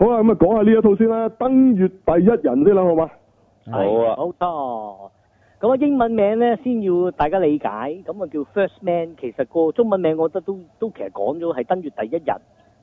好啦，咁啊講下呢一套先啦，登月第一人先啦，好嘛？好啊。 好多。咁啊，英文名咧，先要大家理解，咁啊叫 First Man，其實個中文名我覺得都都其實講咗係登月第一人，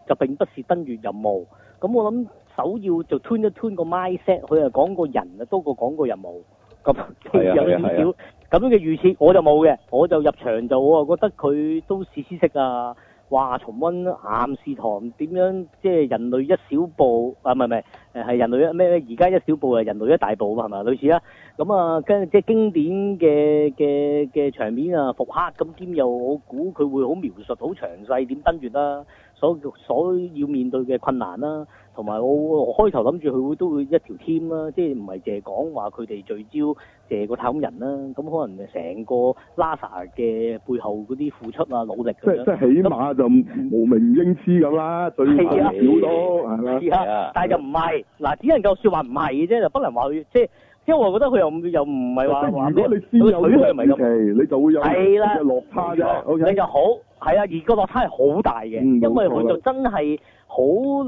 就並不是登月任務。咁我諗首要就 turn 一 turn 個 mindset，佢係講個人啊多過講個任務。咁係 有少少咁樣嘅預設，我就冇嘅，我就入場就我啊覺得佢都是知識啊。話重温《岩士唐》點樣，即係人類一小步啊！唔係唔係，係人類一咩咧？而家一小步啊，人類一大步啊係咪？類似啦。咁、嗯、啊，跟即係經典嘅嘅嘅場面啊，復刻咁兼又，我估佢會好描述、好詳細點登月啦、啊。所所要面對嘅困難啦，同埋我開頭諗住佢會都會一條 team 啦，即係唔係淨係講話佢哋聚焦借個太空人啦，咁可能成個 Lasa 嘅背後嗰啲付出啊努力。即即起碼就無名英師咁啦，最起碼屌咯，係啊，但係就唔係，嗱，只能夠説話唔係嘅啫，就不能話佢即係。因為我覺得佢又又唔係話話咩，咗水佢係唔係咁？係啦，落差啫，你就，啦就好係啊，而個落差係好大嘅，嗯、因為佢就真係好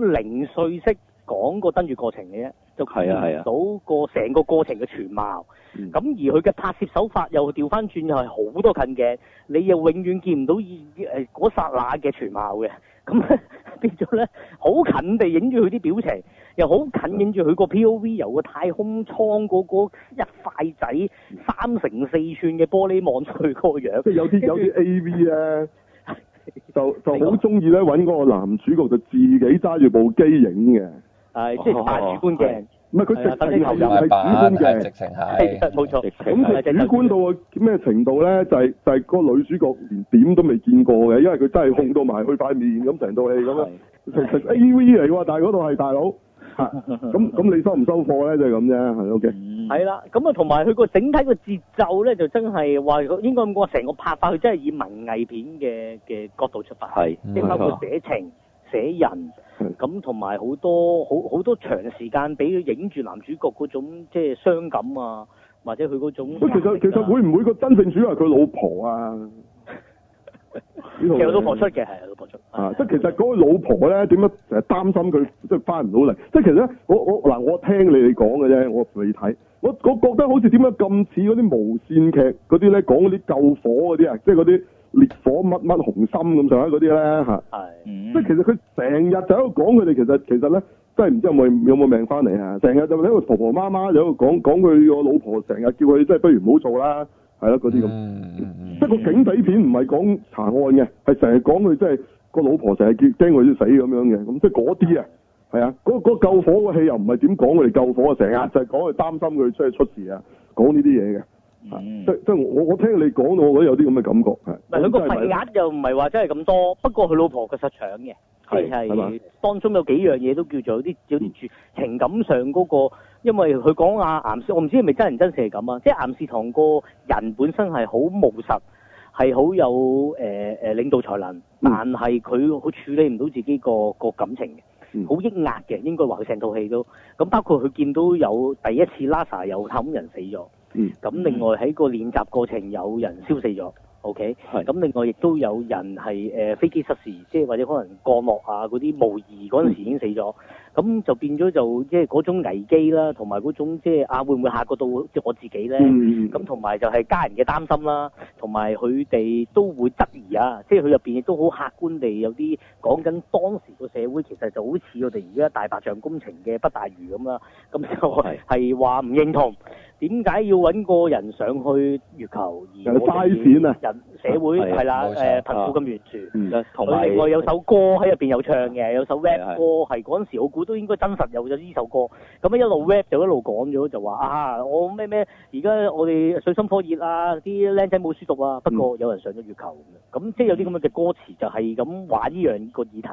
零碎式講個登月過程嘅啫。啊，見唔到個成個過程嘅全貌，咁、啊啊、而佢嘅拍攝手法又調翻轉，又係好多近鏡，你又永遠見唔到誒嗰剎那嘅全貌嘅，咁變咗咧好近地影住佢啲表情，又好近影住佢個 P.O.V. 由個太空艙嗰個一塊仔三乘四吋嘅玻璃望出去個樣，即有啲著有啲 A.V. 啊， 就就好中意咧揾嗰個男主角就自己揸住部機影嘅。係即係帶主觀嘅，唔係佢直情後面係主觀嘅，直情係，冇錯，直情係。主觀到咩程度咧？就係就係個女主角連點都未見過嘅，因為佢真係控到埋佢塊面咁成套戲咁樣，其實 A V 嚟喎。但係嗰度係大佬，咁咁你收唔收貨咧？就係咁啫，係 OK。係啦，咁啊同埋佢個整體個節奏咧，就真係話應該咁講，成個拍法佢真係以文藝片嘅嘅角度出發，係即係包括寫情。寫人咁，同埋好多好好多長時間俾佢影住男主角嗰種即係傷感啊，或者佢嗰種、啊其。其實其實會唔會個真正主係佢老婆啊？ 其實都老婆出嘅係老婆出。啊！即係、嗯、其實嗰個老婆咧，點樣成日擔心佢即係翻唔到嚟？即係其實咧，我我嗱我聽你哋講嘅啫，我未睇。我我覺得好似點解咁似嗰啲無線劇嗰啲咧，講嗰啲救火嗰啲啊，即係嗰啲。烈火乜乜雄心咁上下嗰啲咧嚇，即係其實佢成日就喺度講佢哋其實其實咧，真係唔知有冇有冇命翻嚟啊！成日就喺度婆婆媽媽，就喺度講講佢個老婆，成日叫佢即係不如唔好做啦，係咯嗰啲咁。即係個警匪片唔係講查案嘅，係成日講佢即係個老婆成日叫驚佢啲死咁樣嘅。咁即係嗰啲啊，係啊，嗰、嗰嗰、救火個戲又唔係點講佢哋救火啊？成日就係講佢擔心佢出去出事啊，講呢啲嘢嘅。即即、嗯、我我聽你講，我覺得有啲咁嘅感覺，係。佢個份額又唔係話真係咁多，不過佢老婆嘅實搶嘅，係係是。當中有幾樣嘢都叫做有啲有啲情感上嗰、那個，嗯、因為佢講阿岩士，我唔知係咪真人真事嚟咁啊！即岩士唐個人本身係好務實，係好有誒誒、呃、領導才能，嗯、但係佢好處理唔到自己個個感情嘅，好、嗯、抑壓嘅，應該話佢成套戲都咁。包括佢見到有第一次拉薩有探人死咗。嗯，咁、嗯、另外喺個練習過程有人燒死咗，OK，咁是另外亦都有人係誒、呃、飛機失事，即係或者可能降落啊嗰啲無疑嗰陣時已經死咗，咁、嗯、就變咗就即係嗰種危機啦，同埋嗰種即、就、係、是、啊會唔會嚇過到即我自己咧？咁同埋就係家人嘅擔心啦，同埋佢哋都會質疑啊，即係佢入面亦都好客觀地有啲講緊當時個社會其實就好似我哋而家大白象工程嘅北大嶼咁啦，咁就係話唔認同。點解要揾個人上去月球？而我哋人社會係啦，誒貧富咁懸殊，同、啊嗯啊、另外有首歌喺入邊有唱嘅，有首 rap 歌係嗰陣時，我估都應該真實有咗呢首歌。咁一路 rap 就一路講咗，就話啊，我咩咩而家我哋水深火熱啊，啲靚仔冇書讀啊，不過有人上咗月球咁。嗯、咁即係有啲咁樣嘅歌詞，就係咁玩呢樣個議題。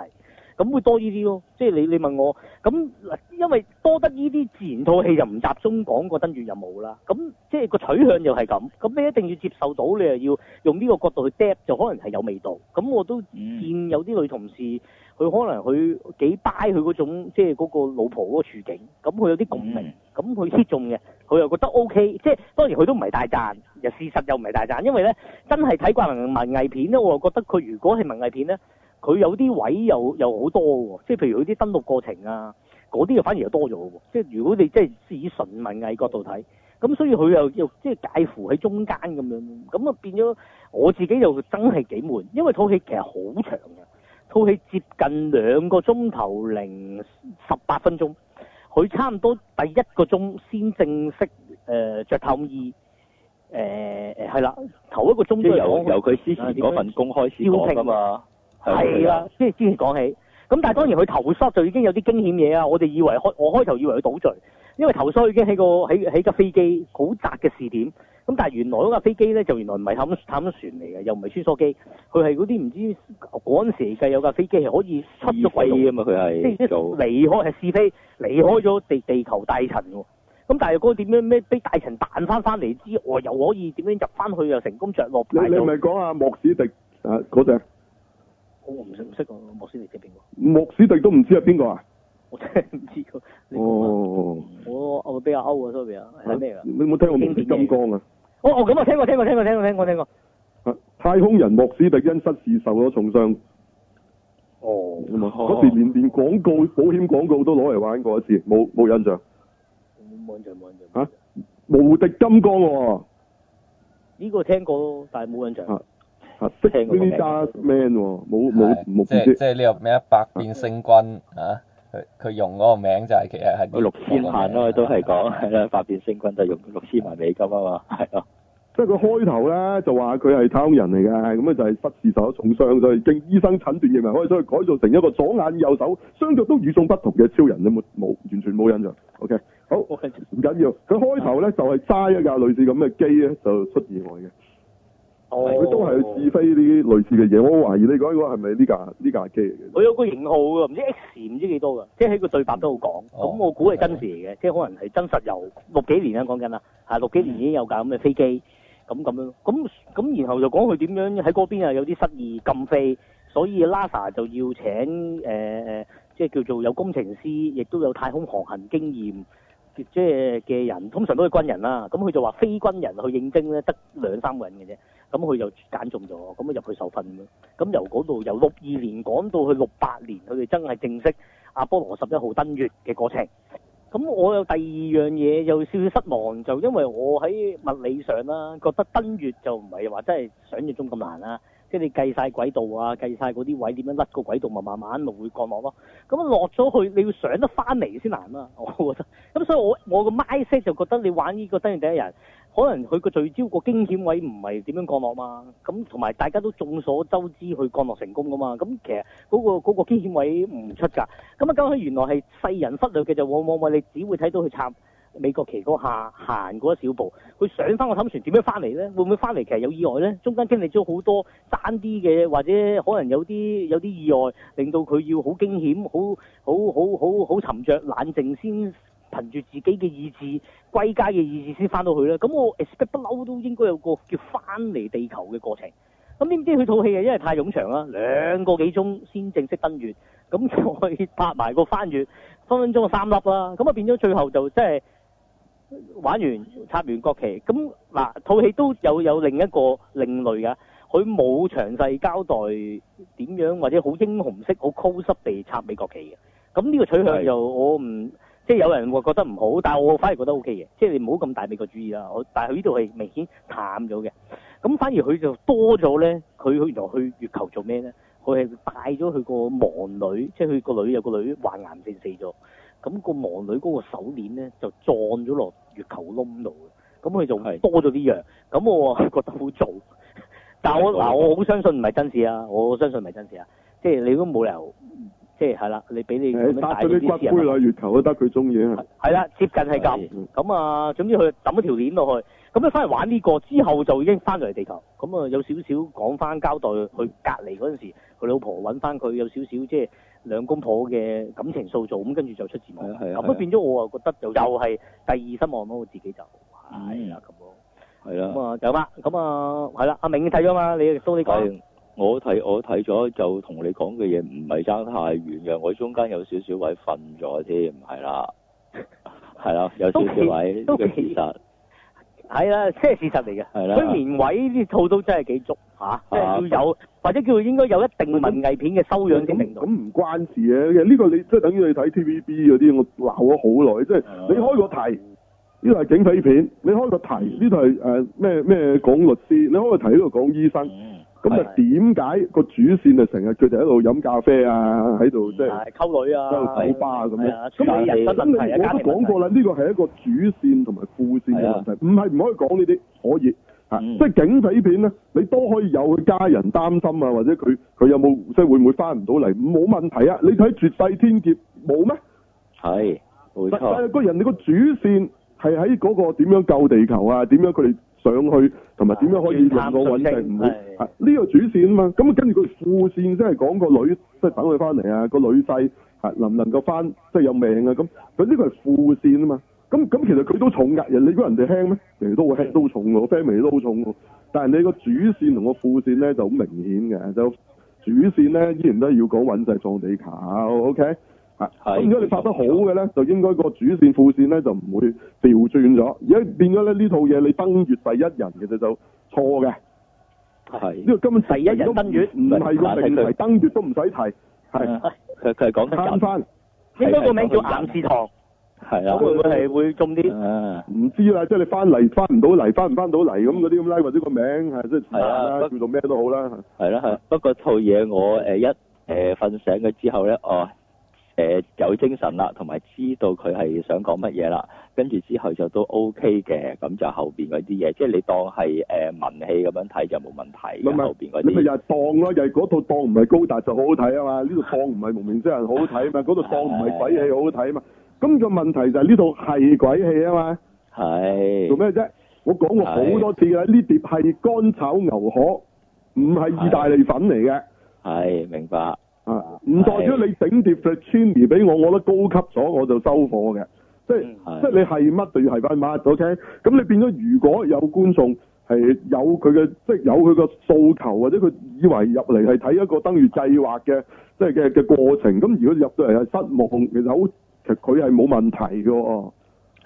咁會多呢啲咯，即係你你問我，咁嗱，因為多得呢啲自然套戲就唔集中講個登月任務啦，咁即係個取向又係咁，咁你一定要接受到，你又要用呢個角度去搭，就可能係有味道。咁我都見有啲女同事，佢、嗯、可能佢幾掰佢嗰種即係嗰個老婆嗰個處境，咁佢有啲共鳴，咁佢 hit 中嘅，佢又覺得 OK，即係當然佢都唔係大讚，又事實又唔係大讚，因為咧真係睇慣文藝片咧，我又覺得佢如果係文藝片咧。佢有啲位又又好多喎，哦，即係譬如佢啲登陸過程啊，嗰啲又反而又多咗喎，哦。即係如果你即係以純文藝角度睇，咁所以佢又又即係介乎喺中間咁樣，咁啊變咗我自己又真係幾悶，因為套戲其實好長嘅，套戲接近兩個鐘頭零十八分鐘，佢差唔多第一個鐘先正式誒著透衣，誒係啦，頭一個鐘都有。由由佢之前嗰份工開始講㗎嘛。係啦，即係、啊啊啊、之前講起，咁但係當然佢投梭就已經有啲驚險嘢啊！我哋以為開，我開頭以為佢倒墜，因為投梭已經喺個喺喺架飛機好窄嘅視點。咁但係原來嗰架飛機咧，就原來唔係探探測船嚟嘅，又唔係穿梭機，佢係嗰啲唔知嗰陣時計有架飛機可以出咗軌啊嘛！佢係即係係離開係試飛，離開咗地地球大層喎。咁但係嗰個點樣咩俾大層彈翻翻嚟之外，知我又可以點樣入翻去又成功着落？你咪講啊？莫史迪啊嗰隻？我唔識唔識講莫斯迪係邊個？莫斯迪都唔知係邊個啊？我真唔知哦。我我比較 out 啊，sorry 啊，係咩噶？你有冇聽過無敵金剛啊？哦哦，咁、哦、我聽過聽過聽過聽過聽過。聽過聽過聽過啊！太空人莫斯迪因失事受咗重傷。哦。嗰、啊、時連連廣告、哦、保險廣告都攞嚟玩過一次，冇冇印象。冇印象冇印象。吓！印象印象啊、無敵金剛喎、啊。呢個聽過咯，但係冇印象。啊冇冇，即係即呢個咩，百變星君啊，佢佢用嗰個名就係其實係。六千萬咯，都係講係啦，百變星君就用六千萬美金啊嘛，係啊，即係佢開頭咧就話佢係太空人嚟㗎，咁啊就係失事受咗重傷就係經醫生診斷認為可以改造成一個左眼右手雙腳都與眾不同嘅超人啊！冇完全冇印象。OK，好 OK，唔緊要。佢開頭咧就係揸一架類似咁嘅機咧就出意外嘅。佢、哦、都係去試飛呢啲類似嘅嘢，我懷疑你講嗰個係咪呢架呢架機嚟嘅？我有個型號㗎，唔知 X，唔知幾多㗎，即係喺個對白都度講。咁、嗯哦、我估係真事嚟嘅，嗯、即係可能係真實由，六幾年啦，講緊啦嚇，六幾年已經有架咁嘅飛機咁咁、嗯、樣。咁咁然後就講佢點樣喺嗰邊啊有啲失意禁飛，所以 NASA 就要請、呃、即係叫做有工程師，亦都有太空航行經驗。即係嘅人，通常都係軍人啦。咁佢就話非軍人去應徵咧，得兩三個人嘅啫。咁佢就揀中咗，咁入去受訓咁樣。咁由嗰度由六二年講到去六八年，佢哋真係正式阿波羅十一號登月嘅過程。咁我有第二樣嘢有少少失望，就因為我喺物理上啦，覺得登月就唔係話真係想像中咁難啦。即係你計晒軌道啊，計晒嗰啲位點樣甩個軌道，咪慢慢咪會降落咯、啊。咁落咗去，你要上得翻嚟先難啦，我覺得咁，所以我我個 mindset 就覺得你玩呢個登月第一人，可能佢個聚焦個驚險位唔係點樣降落嘛。咁同埋大家都眾所周知佢降落成功噶嘛。咁其實嗰、嗰個嗰、嗰個驚險位唔出㗎。咁啊，今日原來係世人忽略嘅就，往往我你只會睇到佢插美國旗嗰下行過一小步，佢上翻個氹船點樣翻嚟咧？會唔會翻嚟其實有意外咧？中間經歷咗好多爭啲嘅，或者可能有啲有啲意外，令到佢要好驚險，好好好好好沉着、冷靜先憑住自己嘅意志、歸家嘅意志先翻到去咧。咁我 expect 不嬲都應該有個叫翻嚟地球嘅過程。咁點知佢套戲啊，因為太冗長啦，兩個幾鐘先正式登月，咁再拍埋個翻月分分鐘三粒啦。咁啊變咗最後就即係。玩完插完國旗，咁嗱套戲都有有另一個另類㗎。佢冇詳細交代點樣或者好英雄式好 close 地插美國旗嘅，咁呢個取向又我唔的即係有人會覺得唔好，但係我反而覺得 OK 嘅，即係你唔好咁大美國主義啊！我但係佢呢度係明顯淡咗嘅，咁反而佢就多咗咧，佢去原來去月球做咩咧？佢係帶咗佢個盲女，即係佢個女有、個女患癌症死咗，咁個盲女嗰個手鏈咧就撞咗落。月球窿度，咁佢仲多咗啲藥，咁的我覺得好做。但我嗱的、呃，我好相信唔係真事啊，我相信唔係真事啊，即係你都冇理由，即係係啦，你俾你咁解呢啲事。你得佢啲骨灰啦，月球都得佢中意。係啦，接近係咁，咁的啊，總之佢抌咗條鏈落去，咁你翻嚟玩呢、呢個之後就已經翻咗嚟地球，咁啊，有少少講翻交代，去隔離嗰陣時，佢老婆揾翻佢，有少少即係。就是兩公婆嘅感情塑造，咁跟住就出字幕，咁、哎、呀變咗我啊覺得就又又係第二失望咯，我自己就係啦咁咯，係啦，咁啊就咁啦，咁的啊係啦、啊啊，阿明睇咗嘛，你蘇你講，我睇我睇咗就同你講嘅嘢唔係差太遠嘅，我中間有少少位瞓咗添，係啦，係啦， 有少少位怪其實。係啦，即係事實嚟嘅。所以年、啊啊啊、位呢啲套都真係幾足吓，即、啊、係的要有或者叫應該有一定文藝片嘅修養先明到，咁唔關事嘅，呢個你即係等於你睇 TVB 嗰啲，我鬧咗好耐。即係你開個題，呢度係警匪片；你開個題，呢度係誒咩咩講律師；你開個題，呢度講醫生。啊咁啊？點解個主線就成日佢哋喺度飲咖啡啊，喺度即係溝女啊，喺度酒吧咁樣。咁啊，人生就問題啊，我都講過啦，呢個係一個主線同埋副線嘅問題，唔係唔可以講呢啲，可以、嗯啊、即係警匪片咧，你都可以有家人擔心啊，或者佢佢有冇即係會唔會翻唔到嚟？冇問題啊，你睇《絕世天劫》冇咩？係，冇錯。但係個人哋個主線係喺嗰個點樣救地球啊？點樣佢哋？上去同埋點樣可以令我穩定，唔會係呢個主線啊嘛，咁、嗯、跟住佢副線即係講個女即係、就是、等佢翻嚟啊，個女婿、啊、能唔能夠翻即係有命啊咁，佢呢個係副線啊嘛，咁咁其實佢都重㗎，人你估人哋輕咩？其實都會、啊、輕，輕，都重喎、啊，family 都好重喎、啊，但係你個主線同個副線咧就好明顯嘅，就主線咧依然都係要講穩定撞地球 o、okay? k 啊，咁如果你拍得好嘅咧，就應該個主線副線咧就唔會調轉咗。而家變咗咧呢套嘢，你登月第一人其實就錯嘅。係呢個根本第一人登月唔係個名題，登月都唔使提。係佢佢係講翻應該個名叫岩士唐。係啊，會唔會係會中啲？唔知啦，即係你翻嚟翻唔到嚟，翻唔翻到嚟咁嗰啲咁咧，或者個名係即係叫做做咩都好啦。係啦，不過套嘢我誒一誒瞓醒咗之後咧，哦。誒、呃，有精神啦，同埋知道佢係想講乜嘢啦，跟住之後就都 OK 嘅，咁就後邊嗰啲嘢，即係你當係誒、呃、文戲咁樣睇就冇問題嘅後邊嗰啲，咁咪又係當咯，又係嗰套當唔係高達就好好睇啊嘛，呢套唉當唔係幪面超人好好睇啊嘛，嗰套唉當唔係鬼戲好好睇啊嘛，咁唉個問題就係呢套係鬼戲啊嘛，係唉做咩啫？我講過好多次啦，呢唉碟係乾炒牛河，唔係意大利粉嚟嘅，係明白。啊！唔代表你整碟《Fraternity》俾我，我都高級咗，我就收貨嘅。即係即係你係乜就要係翻乜，OK？咁你變咗，如果有觀眾係有佢嘅，即係有佢個訴求，或者佢以為入嚟係睇一個登月計劃嘅，即係嘅嘅過程。咁如果入到嚟係失望，其實好，其實佢係冇問題喎。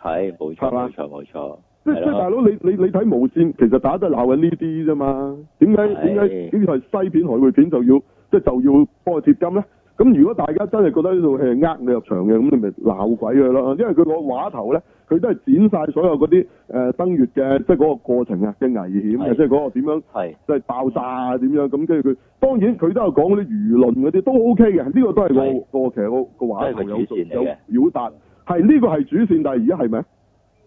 係冇錯，冇錯，冇錯即係即係，大佬你你你睇無線，其實大家都鬧緊呢啲啫嘛。點解點解點解係西片、台語片就要？即係就要幫佢貼金咧，咁如果大家真係覺得呢套戲係呃你入場嘅，咁你咪鬧鬼佢咯。因為佢個話頭咧，佢都係剪晒所有嗰啲誒登月嘅，即係嗰個過程啊嘅危險嘅，是即係嗰個點樣，是即係爆炸啊點樣咁。跟住佢當然佢都有講嗰啲輿論嗰啲都 O K 嘅，呢、這個都係、那個個劇個個話頭有有表達係呢個係主線，但係而家係咪？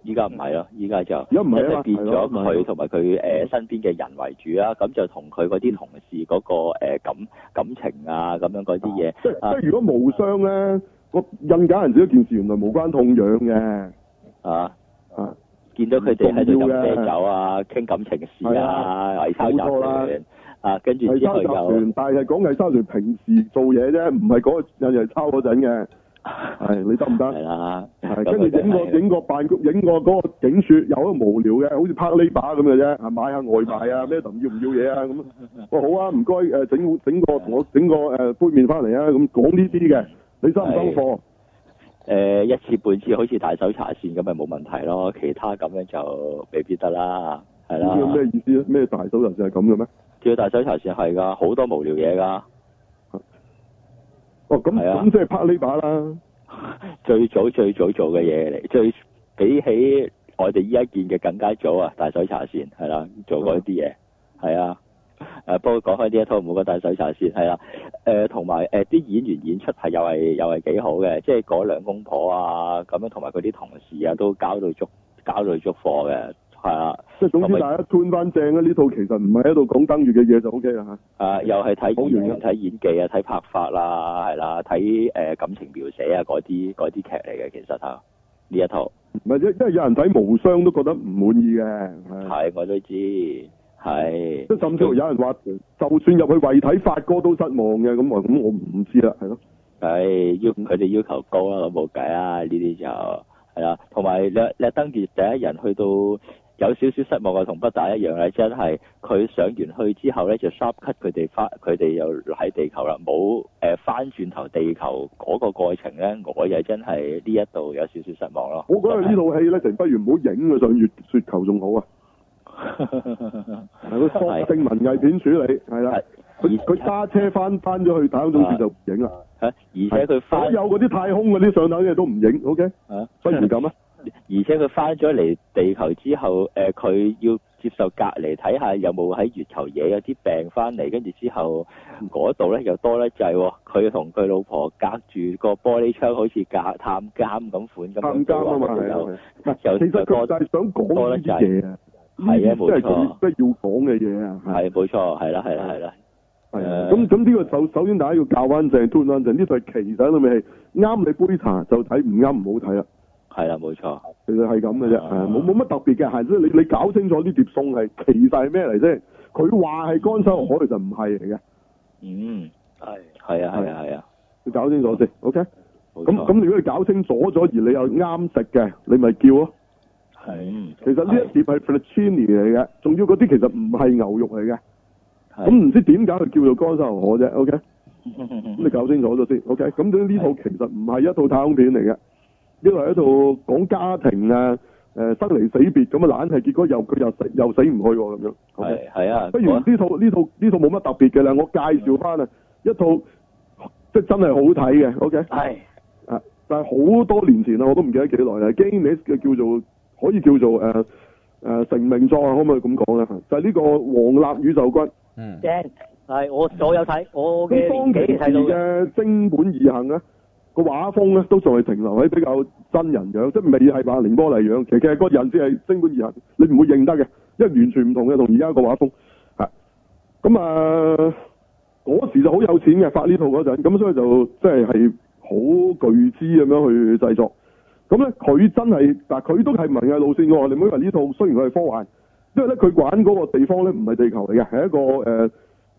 依家唔係咯，依家就唔係變咗佢同埋佢誒身邊嘅人為主啦，咁就同佢嗰啲同事嗰個誒感感情啊，咁樣嗰啲嘢。即即如果無傷咧，我印假人知一件事，原來無關痛癢嘅。啊啊！見到佢哋喺度飲啤酒啊，傾感情事啊，係啊，聖哥傳啊，跟住之後又。但係講係聖哥傳平時做嘢啫，唔係嗰印係抄嗰陣嘅。係、 哎、你得唔得？係啦的，係跟住整個整個辦公，影個嗰個警署有一個無聊嘅，好似拍呢把咁嘅啫。係買下外賣啊，咩 要唔要嘢啊咁。好啊，唔該，誒，整整個同我整個誒的杯麵翻嚟啊，咁講呢啲嘅，你收唔收貨？誒、呃，一次半次好似大搜查線咁咪冇問題咯，其他咁樣就未必得啦，係啦。呢啲咩意思？咩大搜查線就係咁嘅咩？叫大搜查線係噶，好多無聊嘢噶。哦，咁咁即係拍呢把啦。最早最早做嘅嘢嚟，最比起我哋依家見嘅更加早啊！大水茶線係啦、啊，做過一啲嘢，係啊。誒，不過講開呢一套，冇講大水茶線係啦。誒，同埋誒啲演員演出係又係又係幾好嘅，即係嗰兩公婆啊，咁樣同埋嗰啲同事啊，都交到足交到足貨嘅。係啦，即係總之大家穿翻正啊！呢套其實唔係喺度講登月嘅嘢就 OK 啦吓。啊，又係睇演員睇演技啊，睇拍法啦，係啦，睇誒、呃、感情描寫啊嗰啲嗰啲劇嚟嘅其實吓呢一套。唔係，因為有人睇無雙都覺得唔滿意嘅。係，我都知。係。甚至乎有人話，就算入去為睇發哥都失望嘅，咁咁我唔知啦，係咯。係，佢哋要求高啦，冇計啊！呢啲就係啦，同埋你叻登月第一人去到。有少少失望啊，同北大一樣啊，真係佢上完去之後咧，就 cut 佢哋翻，佢哋又喺地球啦，冇誒、呃、翻轉頭地球嗰個過程咧，我又真係呢一度有少少失望咯。我覺得這呢套戲咧，就的不如唔好影啊，上月雪球仲好啊。係佢索性文藝片處理，係啦，佢佢揸車翻翻咗去打嗰種字就唔影啦。嚇，而且佢所有嗰啲太空嗰啲上頭嘢都唔影，OK，不如咁啊。不如而且佢翻咗嚟地球之後，誒，佢要接受隔離，睇下有冇喺月球惹一啲病翻嚟，跟住之後嗰度咧又多得滯。佢同佢老婆隔住個玻璃窗，好似隔探監咁款咁。探監啊嘛，就就其實佢就係想講呢啲嘢啊，呢啲真係最要講嘅嘢啊。係冇錯，係啦，係啦，係啦。係，咁咁呢個首首先大家要教返正，端返正。呢對旗仔都未啱，你杯茶就睇唔啱，唔好睇啦。係啦，冇錯、啊，冇錯其實係咁嘅啫，冇冇乜特別嘅，係即係你你搞清楚呢碟餸係其實係咩嚟啫？佢話係乾生河其實唔係嚟嘅，嗯，係，係啊係啊係啊，你搞清楚先，OK，咁咁如果你搞清楚咗而你又啱食嘅，你咪叫咯，係是，其實呢一碟係 Franchini 嚟嘅，仲要嗰啲其實唔係牛肉嚟嘅，咁唔、啊、知點解佢叫做乾生河啫？OK，咁 你搞清楚咗先，OK，咁呢呢套其實唔係一套太空片嚟嘅。一路一套講家庭啊，誒生離死別咁啊，難係結果又佢又，又死又死唔去咁樣。係、okay? 係啊，不如呢套呢我套呢套冇乜特別嘅啦，我介紹翻啊一套即係真係好睇嘅，OK？係啊是，但係好多年前啦，我都唔記得幾耐啦。James 嘅叫做可以叫做誒誒、呃呃、成名作啊，可唔可以咁講咧？就係、是、呢個《黃立宇宙軍》。嗯，正係我我有睇，我嘅。呢方其時嘅《升本而行》啊。個畫風咧都仲係停留喺比較真人樣，即係未係話《靈波麗樣。其實個人事係貞本義行，你唔會認得嘅，因為完全唔同嘅，同而家個畫風。咁啊，嗰、呃、時就好有錢嘅，發呢套嗰陣，咁所以就即係係好巨資咁樣去製作。咁咧，佢真係，但佢都係文藝路線嘅。你唔個為呢套雖然佢係科幻，因為咧佢玩嗰個地方咧唔係地球嚟嘅，係一個誒。呃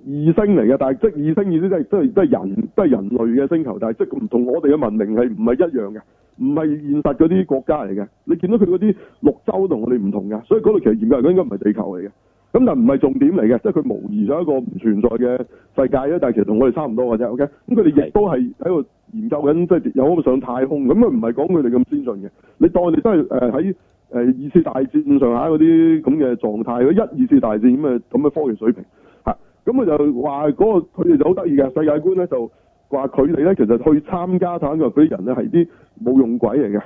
二星嚟嘅，但係即二星，二星都係都係都係人都係人類嘅星球，但係即唔同我哋嘅文明係唔係一樣嘅，唔係現實嗰啲國家嚟嘅。你見到佢嗰啲綠洲同我哋唔同嘅，所以嗰度其實研究緊應該唔係地球嚟嘅。咁但唔係重點嚟嘅，即係佢模擬咗一個唔存在嘅世界啦。但係其實同我哋差唔多嘅啫。OK，咁佢哋亦都係喺度研究緊，即係有冇上太空咁啊？唔係講佢哋咁先進嘅。你當佢哋都係誒喺誒二次大戰上下嗰啲咁嘅狀態，如果一二次大戰咁啊咁嘅科技水平。咁佢就話嗰個佢哋就好得意嘅世界觀咧，就話佢哋咧其實去參加太空佢啲人咧係啲冇用鬼嚟嘅，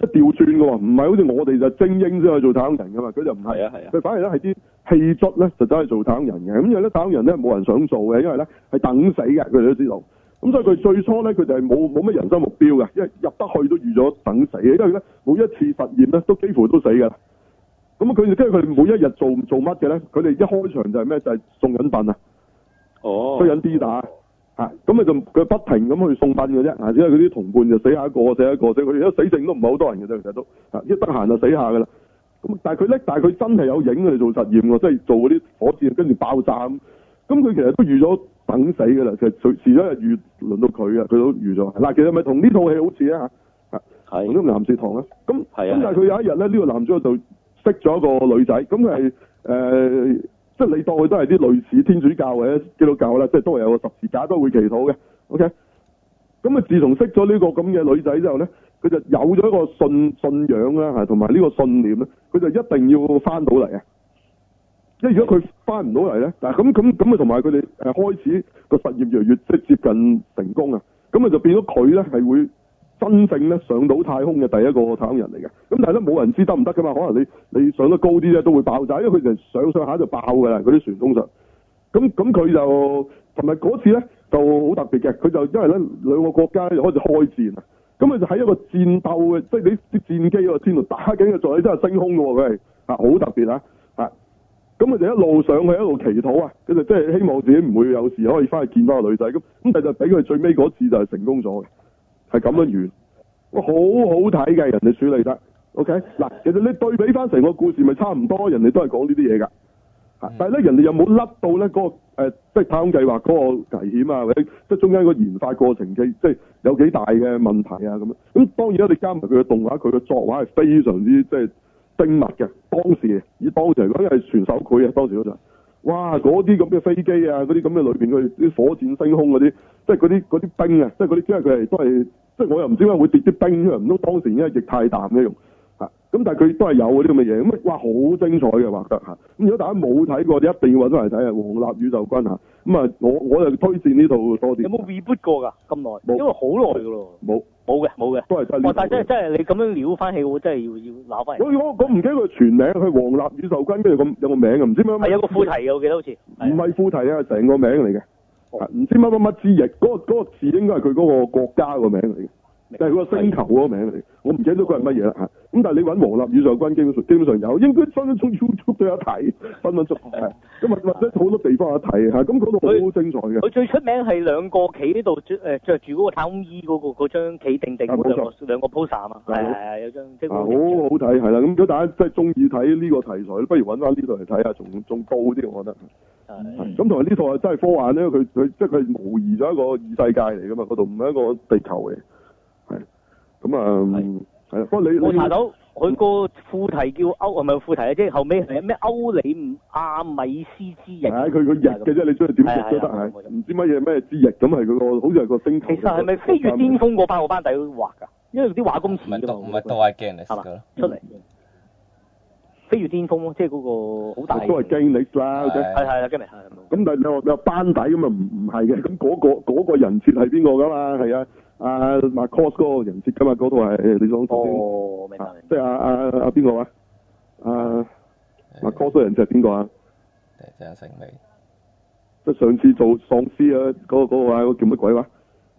即係掉轉嘅唔係好似我哋就精英先去做太空人㗎嘛，佢就唔係啊，係啊，佢反而咧係啲氣質咧就走去做太空人嘅，咁因為咧太空人咧冇人想做嘅，因為咧係等死嘅，佢哋都知道，咁所以佢最初咧佢哋係冇冇乜人生目標嘅，因為入得去都預咗等死嘅，因為咧每一次實驗咧都幾乎都死嘅。咁啊佢跟住佢每一日做做乜嘅咧？佢哋一開場就係咩？就係、是、送緊殯啊！哦、oh.，推緊 D 打吓，咁啊就佢不停咁去送殯嘅啫。因為佢啲同伴就死下一個死一個，死佢哋一死剩都唔係好多人嘅啫。其實都一得閒就死下噶啦。咁但係佢叻，但係佢真係有影佢哋做實驗，即係做嗰啲火箭跟住爆炸咁。咁佢其實都預咗等死噶啦，其實隨時一日預輪到佢嘅，佢都預咗。嗱，其實咪同呢套戲好似啊吓，係同啲《男士堂》啊。咁咁但係佢有一日咧，呢、啊、個男主角就。識咗一個女仔，咁係誒，即係你當佢都係啲類似天主教或者基督教啦，即係都係有個十字架，都會祈禱嘅。OK，咁啊，自從識咗呢個咁嘅女仔之後咧，佢就有咗一個信信仰啦，吓同埋呢個信念咧，佢就一定要翻到嚟啊！即係如果佢翻唔到嚟咧，嗱咁咁咁啊，同埋佢哋誒開始個實驗就越即係接近成功啊，咁啊就變咗佢咧係會真正咧上到太空嘅第一個太空人嚟嘅，咁但係咧冇人知得唔得噶嘛？可能你你上得高啲咧都會爆炸，因為佢哋上上下下就爆噶啦，嗰啲船通常。咁咁佢就同埋嗰次咧就好特別嘅，佢就因為咧兩個國家又開始開戰啊，咁佢就喺一個戰鬥嘅，即係啲啲戰機喺個天度打緊嘅狀態真係升空㗎喎，佢係啊，好特別啊啊！咁佢就一路上去一路祈禱啊，佢就即係希望自己唔會有事，可以翻去見到個女仔咁。咁但就俾佢最尾嗰次就係成功咗。係咁樣完，好好睇嘅人哋處理得。OK 嗱，其實你對比翻成個故事，咪差唔多，人哋都係講、嗯、呢啲嘢㗎。但係咧，人哋有冇甩到咧、嗰個？嗰、呃、個即係太空計劃嗰個危險啊，或者即係中間個研發過程嘅，即係有幾大嘅問題啊咁樣。咁當然啦，你加埋佢嘅動畫，佢嘅作畫係非常之即係精密嘅，當時以當時嚟講係全手繪呀，當時嗰陣。哇！嗰啲咁嘅飛機啊，嗰啲咁嘅裏面，嗰啲火箭升空嗰啲，即係嗰啲冰啊，即係嗰啲，因為佢哋都係，即係我又唔知點解會跌啲冰出嚟，唔通當時因為液態氮嘅用。咁但係佢都係有嗰啲咁嘅嘢，咁啊哇好精彩嘅畫得嚇！咁如果大家冇睇過，就一定要揾出嚟睇啊！《王立宇宙軍》嚇，咁啊我我又推薦呢套多啲。有冇 reboot 過㗎？咁耐，冇因為好耐㗎咯。冇冇嘅，冇嘅。都係真。哇、哦！但係真係真係你咁樣撩翻起，我真係要要鬧翻我我唔記得佢全名，係《王立宇宙軍》跟住個有個名唔知乜乜。係有個副題㗎，我記得好似。唔係副題啊，係成個名嚟嘅。唔、哦、知乜乜乜字，營、那、嗰、個嗰個字應該係佢嗰個國家個名嚟嘅。就係嗰個星球個名嚟，我唔記得咗佢係乜嘢啦嚇。咁但係你揾《王立宇宙軍》，基本基本上有，應該分分鐘 YouTube 都有睇，分分鐘誒，咁啊啊，好多地方有睇嚇。咁嗰度都好精彩嘅。佢最出名係兩個企呢度，誒著住嗰個太空衣嗰個嗰張企定定嘅兩個 pose 啊嘛。係啊，有張。好好睇係啦。咁如果大家真係中意睇呢個題材，不如揾翻呢度嚟睇下，仲仲高啲，我覺得。咁同埋呢套係真係科幻咧，佢佢即係佢模擬咗一個異世界嚟噶嘛，嗰度唔係一個地球嚟。咁啊，係不過你我查到佢個副題叫歐係咪副題啊？即後尾係咩歐尼亞米斯之翼？佢個翼嘅啫，你中意點日都得，係，唔知乜嘢咩之翼咁係佢個，好似係個星球其實係咪飛越巔峰嗰班個班底畫噶？因為啲畫工唔得，唔係都係 GAINAX 出嚟飛越巔峰即係嗰個好大都係 GAINAX 啦。係係啦 GAINAX 咁你你話班底咁啊唔唔係嘅，咁嗰個嗰個人設係邊個噶嘛？係啊。啊，馬 cos 嗰個人設噶嘛，嗰套係李爽。哦，明白，即係阿阿阿邊個啊？阿馬 cos 人設邊個啊？鄭成美。即係上次做喪屍啊，嗰嗰個叫乜鬼話？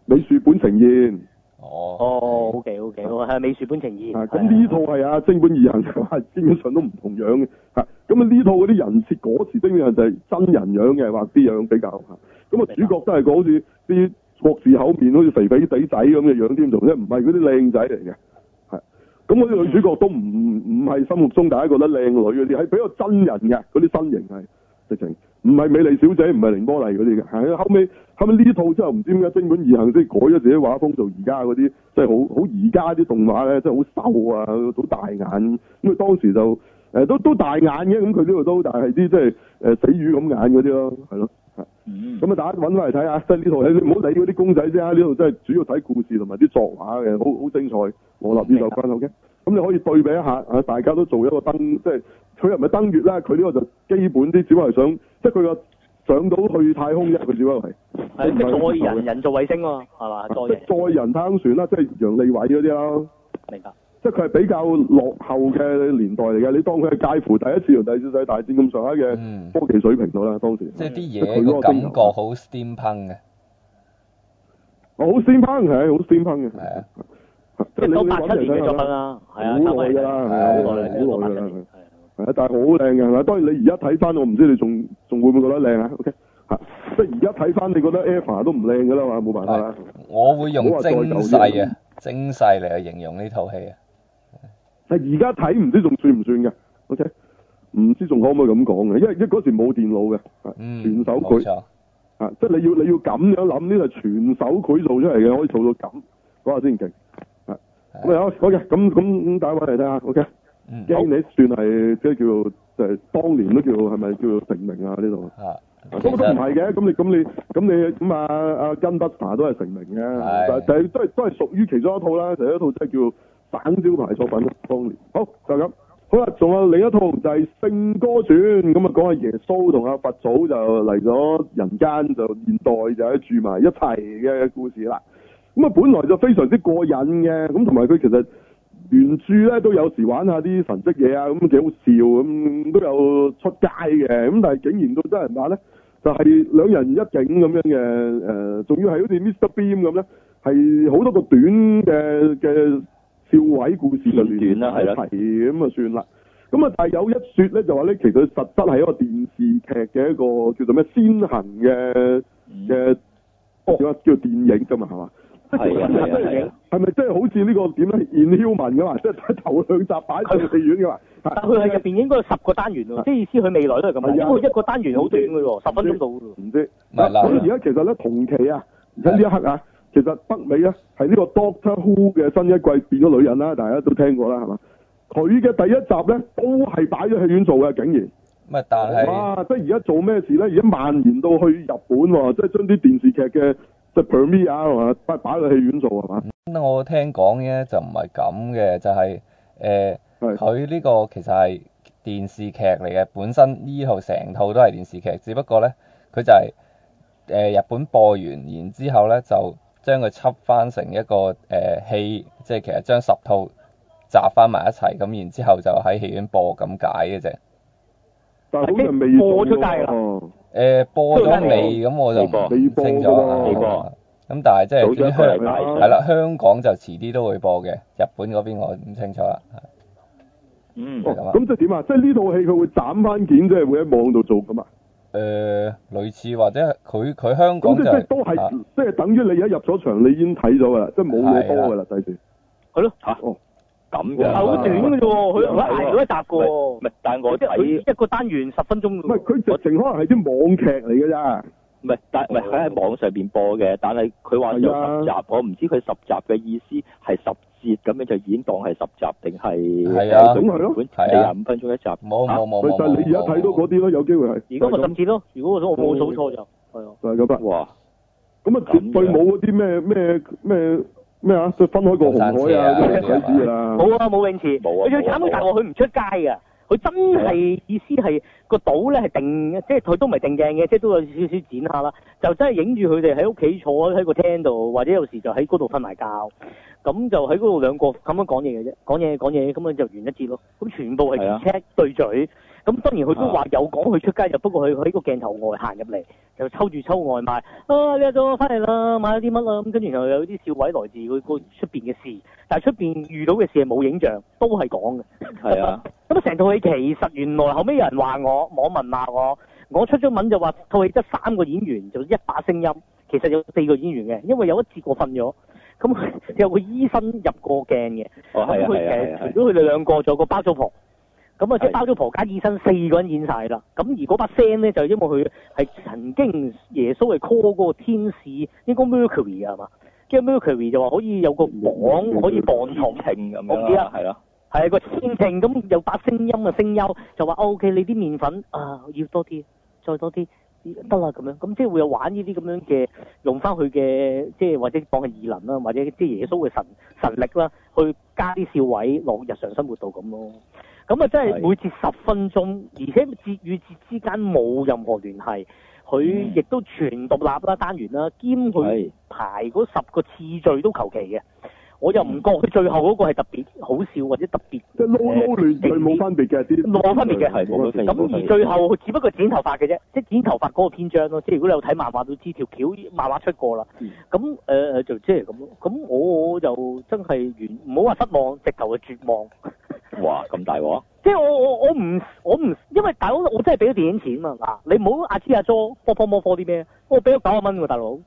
美樹本成彥。哦。哦，O K O K，係美樹本成彥。咁呢套係啊，正本二人係基本上都唔同樣嘅。吓，咁啊呢套嗰啲人設嗰時基本上就係真人樣嘅，話啲樣比較吓。咁啊主角都係個好似啲。國字口面，好似肥肥仔仔咁嘅樣，點做啫？唔係嗰啲靚仔嚟嘅，係咁嗰啲女主角都唔唔係心目中大家覺得靚女嗰啲，係比較真人嘅嗰啲身形係，直情唔係美麗小姐，唔係綾波麗嗰啲嘅。係後尾後尾呢套之後唔知點解，貞本義行即係改咗自己畫風做，做而家嗰啲即係好好而家啲動畫咧，即係好瘦啊，好大眼。咁啊當時就誒、呃、都都大眼嘅，咁佢呢個都但係啲即係誒死魚咁眼嗰啲咯，係咯。咁啊，嗯嗯、大家搵翻嚟睇下，即係呢套嘢，你唔好理嗰啲公仔先啊，呢度真係主要睇故事同埋啲作畫嘅，好好精彩，我立呢嚿骨好嘅。咁、嗯 OK? 嗯、你可以對比一下，啊，大家都做一個登，即係佢唔係登月啦，佢呢個就基本啲，只不過係想，即係佢個上到去太空一個字都係，係即係載人人造衛星喎、啊，係嘛、嗯？載再人太空、啊、吧船啦、啊，即係楊利偉嗰啲啦，明白。即係佢係比較落後嘅年代嚟嘅，你當佢係介乎第一次同第二次大戰咁上下嘅科技水平到啦，當時即係啲嘢嘅感覺好 steam 朋嘅。哦，好 steam 朋係，好 steam 朋嘅。係啊，即係當八七年嘅作品啦。係啊，好耐啦，好耐好耐係啊，但係好靚嘅係咪？當然你而家睇翻，我唔知你仲仲會唔會覺得靚啊？OK，嚇，即係而家睇翻，你覺得《Eva》都唔靚嘅啦嘛，冇辦法啦。我會用精細啊，精細嚟去形容呢套戲啊。係而家睇唔知仲算唔算嘅，O K，唔知仲可唔可以咁講嘅，因為因為嗰時冇電腦嘅，嗯、全手繪，錯啊，即係你要你要咁樣諗，呢個全手繪做出嚟嘅，可以做到咁，講下先，勁，啊的，咁啊好嘅，咁咁咁大家嚟睇下，O K，咁你算係即係叫做、就係、當年都叫係咪叫做成名啊？呢度、啊啊啊，啊，啊都都唔係嘅，咁你咁你咁你咁啊啊金筆都係成名嘅，係的但係、就係、都係都係屬於其中一套啦，就係一套即係叫。版招牌作品，當年好就咁，是，好啦。仲有另一套就係，是《聖哥傳》，咁啊講下耶穌同阿佛祖就嚟咗人間，就現代就喺住埋一齊嘅故事啦。咁啊本來就非常之過癮嘅，咁同埋佢其實原著咧都有時玩下啲神跡嘢啊，咁幾好笑，咁都有出街嘅。咁但係竟然到真人版咧，就係，是，兩人一景咁樣嘅，誒、呃，仲要係好似 Mr. Bean 咁咧，係好多個短嘅嘅。跳位故事嘅亂啦，係啦，咁啊算啦。咁啊，啊但係有一說咧，就話咧，其實實質係一個電視劇嘅一個叫做咩先行嘅嘅叫叫電影咁啊，係嘛、啊？係係係係。係咪真係好似、這個、呢個點樣燕翹文噶嘛？即係、就是、頭兩集擺去戲院噶嘛？ 但係佢係入邊應該有十個單元即係、啊、意思佢未來都係咁啊，一個單元好短嘅十分鐘到嘅喎。唔知係啦。咁而家其實咧同期啊，而家呢一刻啊。其實北美咧係呢個 Doctor Who 嘅新一季變咗女人啦，大家都聽過啦，係嘛？佢嘅第一集咧都係擺咗戲院做嘅，竟然。咪但係是。哇！即係而家做咩事咧？而家蔓延到去日本喎，即係將啲電視劇嘅即係 Premiere 啊，擺擺喺戲院做啊嘛。我聽講咧就唔係咁嘅，就係誒佢呢個其實係電視劇嚟嘅，本身呢套成套都係電視劇，只不過咧佢就係、是、誒、呃、日本播完，然之後咧就。將佢輯翻成一個誒戲，即係其實將十套集翻埋一齊，咁然之後就喺戲院播咁解嘅啫。但係未播出街啦。誒播咗未？咁我就唔清楚咁，但係即係香啦，香港就遲啲都會播嘅。日本嗰邊我唔清楚啦。嗯。哦，咁即係點啊？即係呢套戲佢會斬翻件，即係會喺網度做噶嘛？誒，類似或者佢佢香港即係都係，即係等於你而家入咗場，你已經睇咗噶啦，即係冇好多噶啦，第時係咯吓咁嘅好短噶啫，佢挨到一集噶喎，唔係，但係我係一個單元十分鐘，唔係佢直情可能係啲網劇嚟嘅啫，唔係，但係唔係喺網上邊播嘅，但係佢話有十集，我唔知佢十集嘅意思係十。咁樣就已經當係十集定係係啊，總係咯，睇四十五分鐘一集。冇冇冇，其實你而家睇到嗰啲咯，有機會係。如果個甚至都，如果我冇數錯就係啊。係咁不哇？咁啊絕對冇嗰啲咩咩咩咩嚇，再分開過紅海啊啲鬼事啦。冇啊，冇泳池。冇啊。最慘大就係佢唔出街啊。佢真係意思係個島咧係定，即係佢都唔係定正嘅，即係都有少少剪下啦。就真係影住佢哋喺屋企坐喺個廳度，或者有時就喺嗰度瞓埋覺。咁就喺嗰度兩個咁樣講嘢嘅啫，講嘢講嘢咁樣就完一節咯。咁全部係 check、啊、對嘴。咁當然佢都話有講，佢出街就不過佢喺個鏡頭外行入嚟，就抽住抽外賣啊，你入咗翻嚟啦，買咗啲乜啦？咁跟住然後有啲小鬼來自佢個出面嘅事，但係出面遇到嘅事係冇影像，都係講嘅。係啊。咁成 套戲其實原來後尾有人話我網民罵我，我出咗文就話套戲得三個演員就一把聲音，其實有四個演員嘅，因為有一節我瞓咗。咁佢、嗯、有個醫生入過鏡嘅，咁佢除咗佢哋兩個，仲、啊、有個包租婆，咁啊即係包租婆加醫生、啊、四個人演晒啦。咁而嗰把聲咧就係、因為佢係曾經耶穌係 call 嗰個天使，應該 Mercury 啊嘛，跟住 Mercury 就話可以有個網可以磅重秤咁樣，係咯，係個天秤咁有把聲音嘅聲優就話、哦、OK 你啲麵粉啊要多啲，再多啲。得啦咁樣，咁即係會有玩呢啲咁樣嘅用翻佢嘅，即係或者講嘅異能啦，或者即係耶穌嘅神神力啦，去加啲笑位落日常生活度咁咯。咁啊，即係每節十分鐘，而且節與節之間冇任何聯繫，佢亦都全獨立啦單元啦，兼佢排嗰十個次序都求其嘅。我又唔覺佢最後嗰個係特別好笑或者特別，即係撈撈亂，佢冇分別嘅，啲冇分別嘅，係冇分別。咁而最後，佢只不過剪頭髮嘅啫，即係剪頭髮嗰個篇章咯。即係如果你有睇漫畫都知條橋漫畫出過啦。咁誒就即係咁咯。咁我就真係完，唔好話失望，直頭嘅絕望。哇！咁大鑊？即係我我我唔我唔，因為大佬我真係俾咗電影錢啊！你唔好阿豬阿狗，波波波波啲咩？我俾咗九十蚊喎，大佬。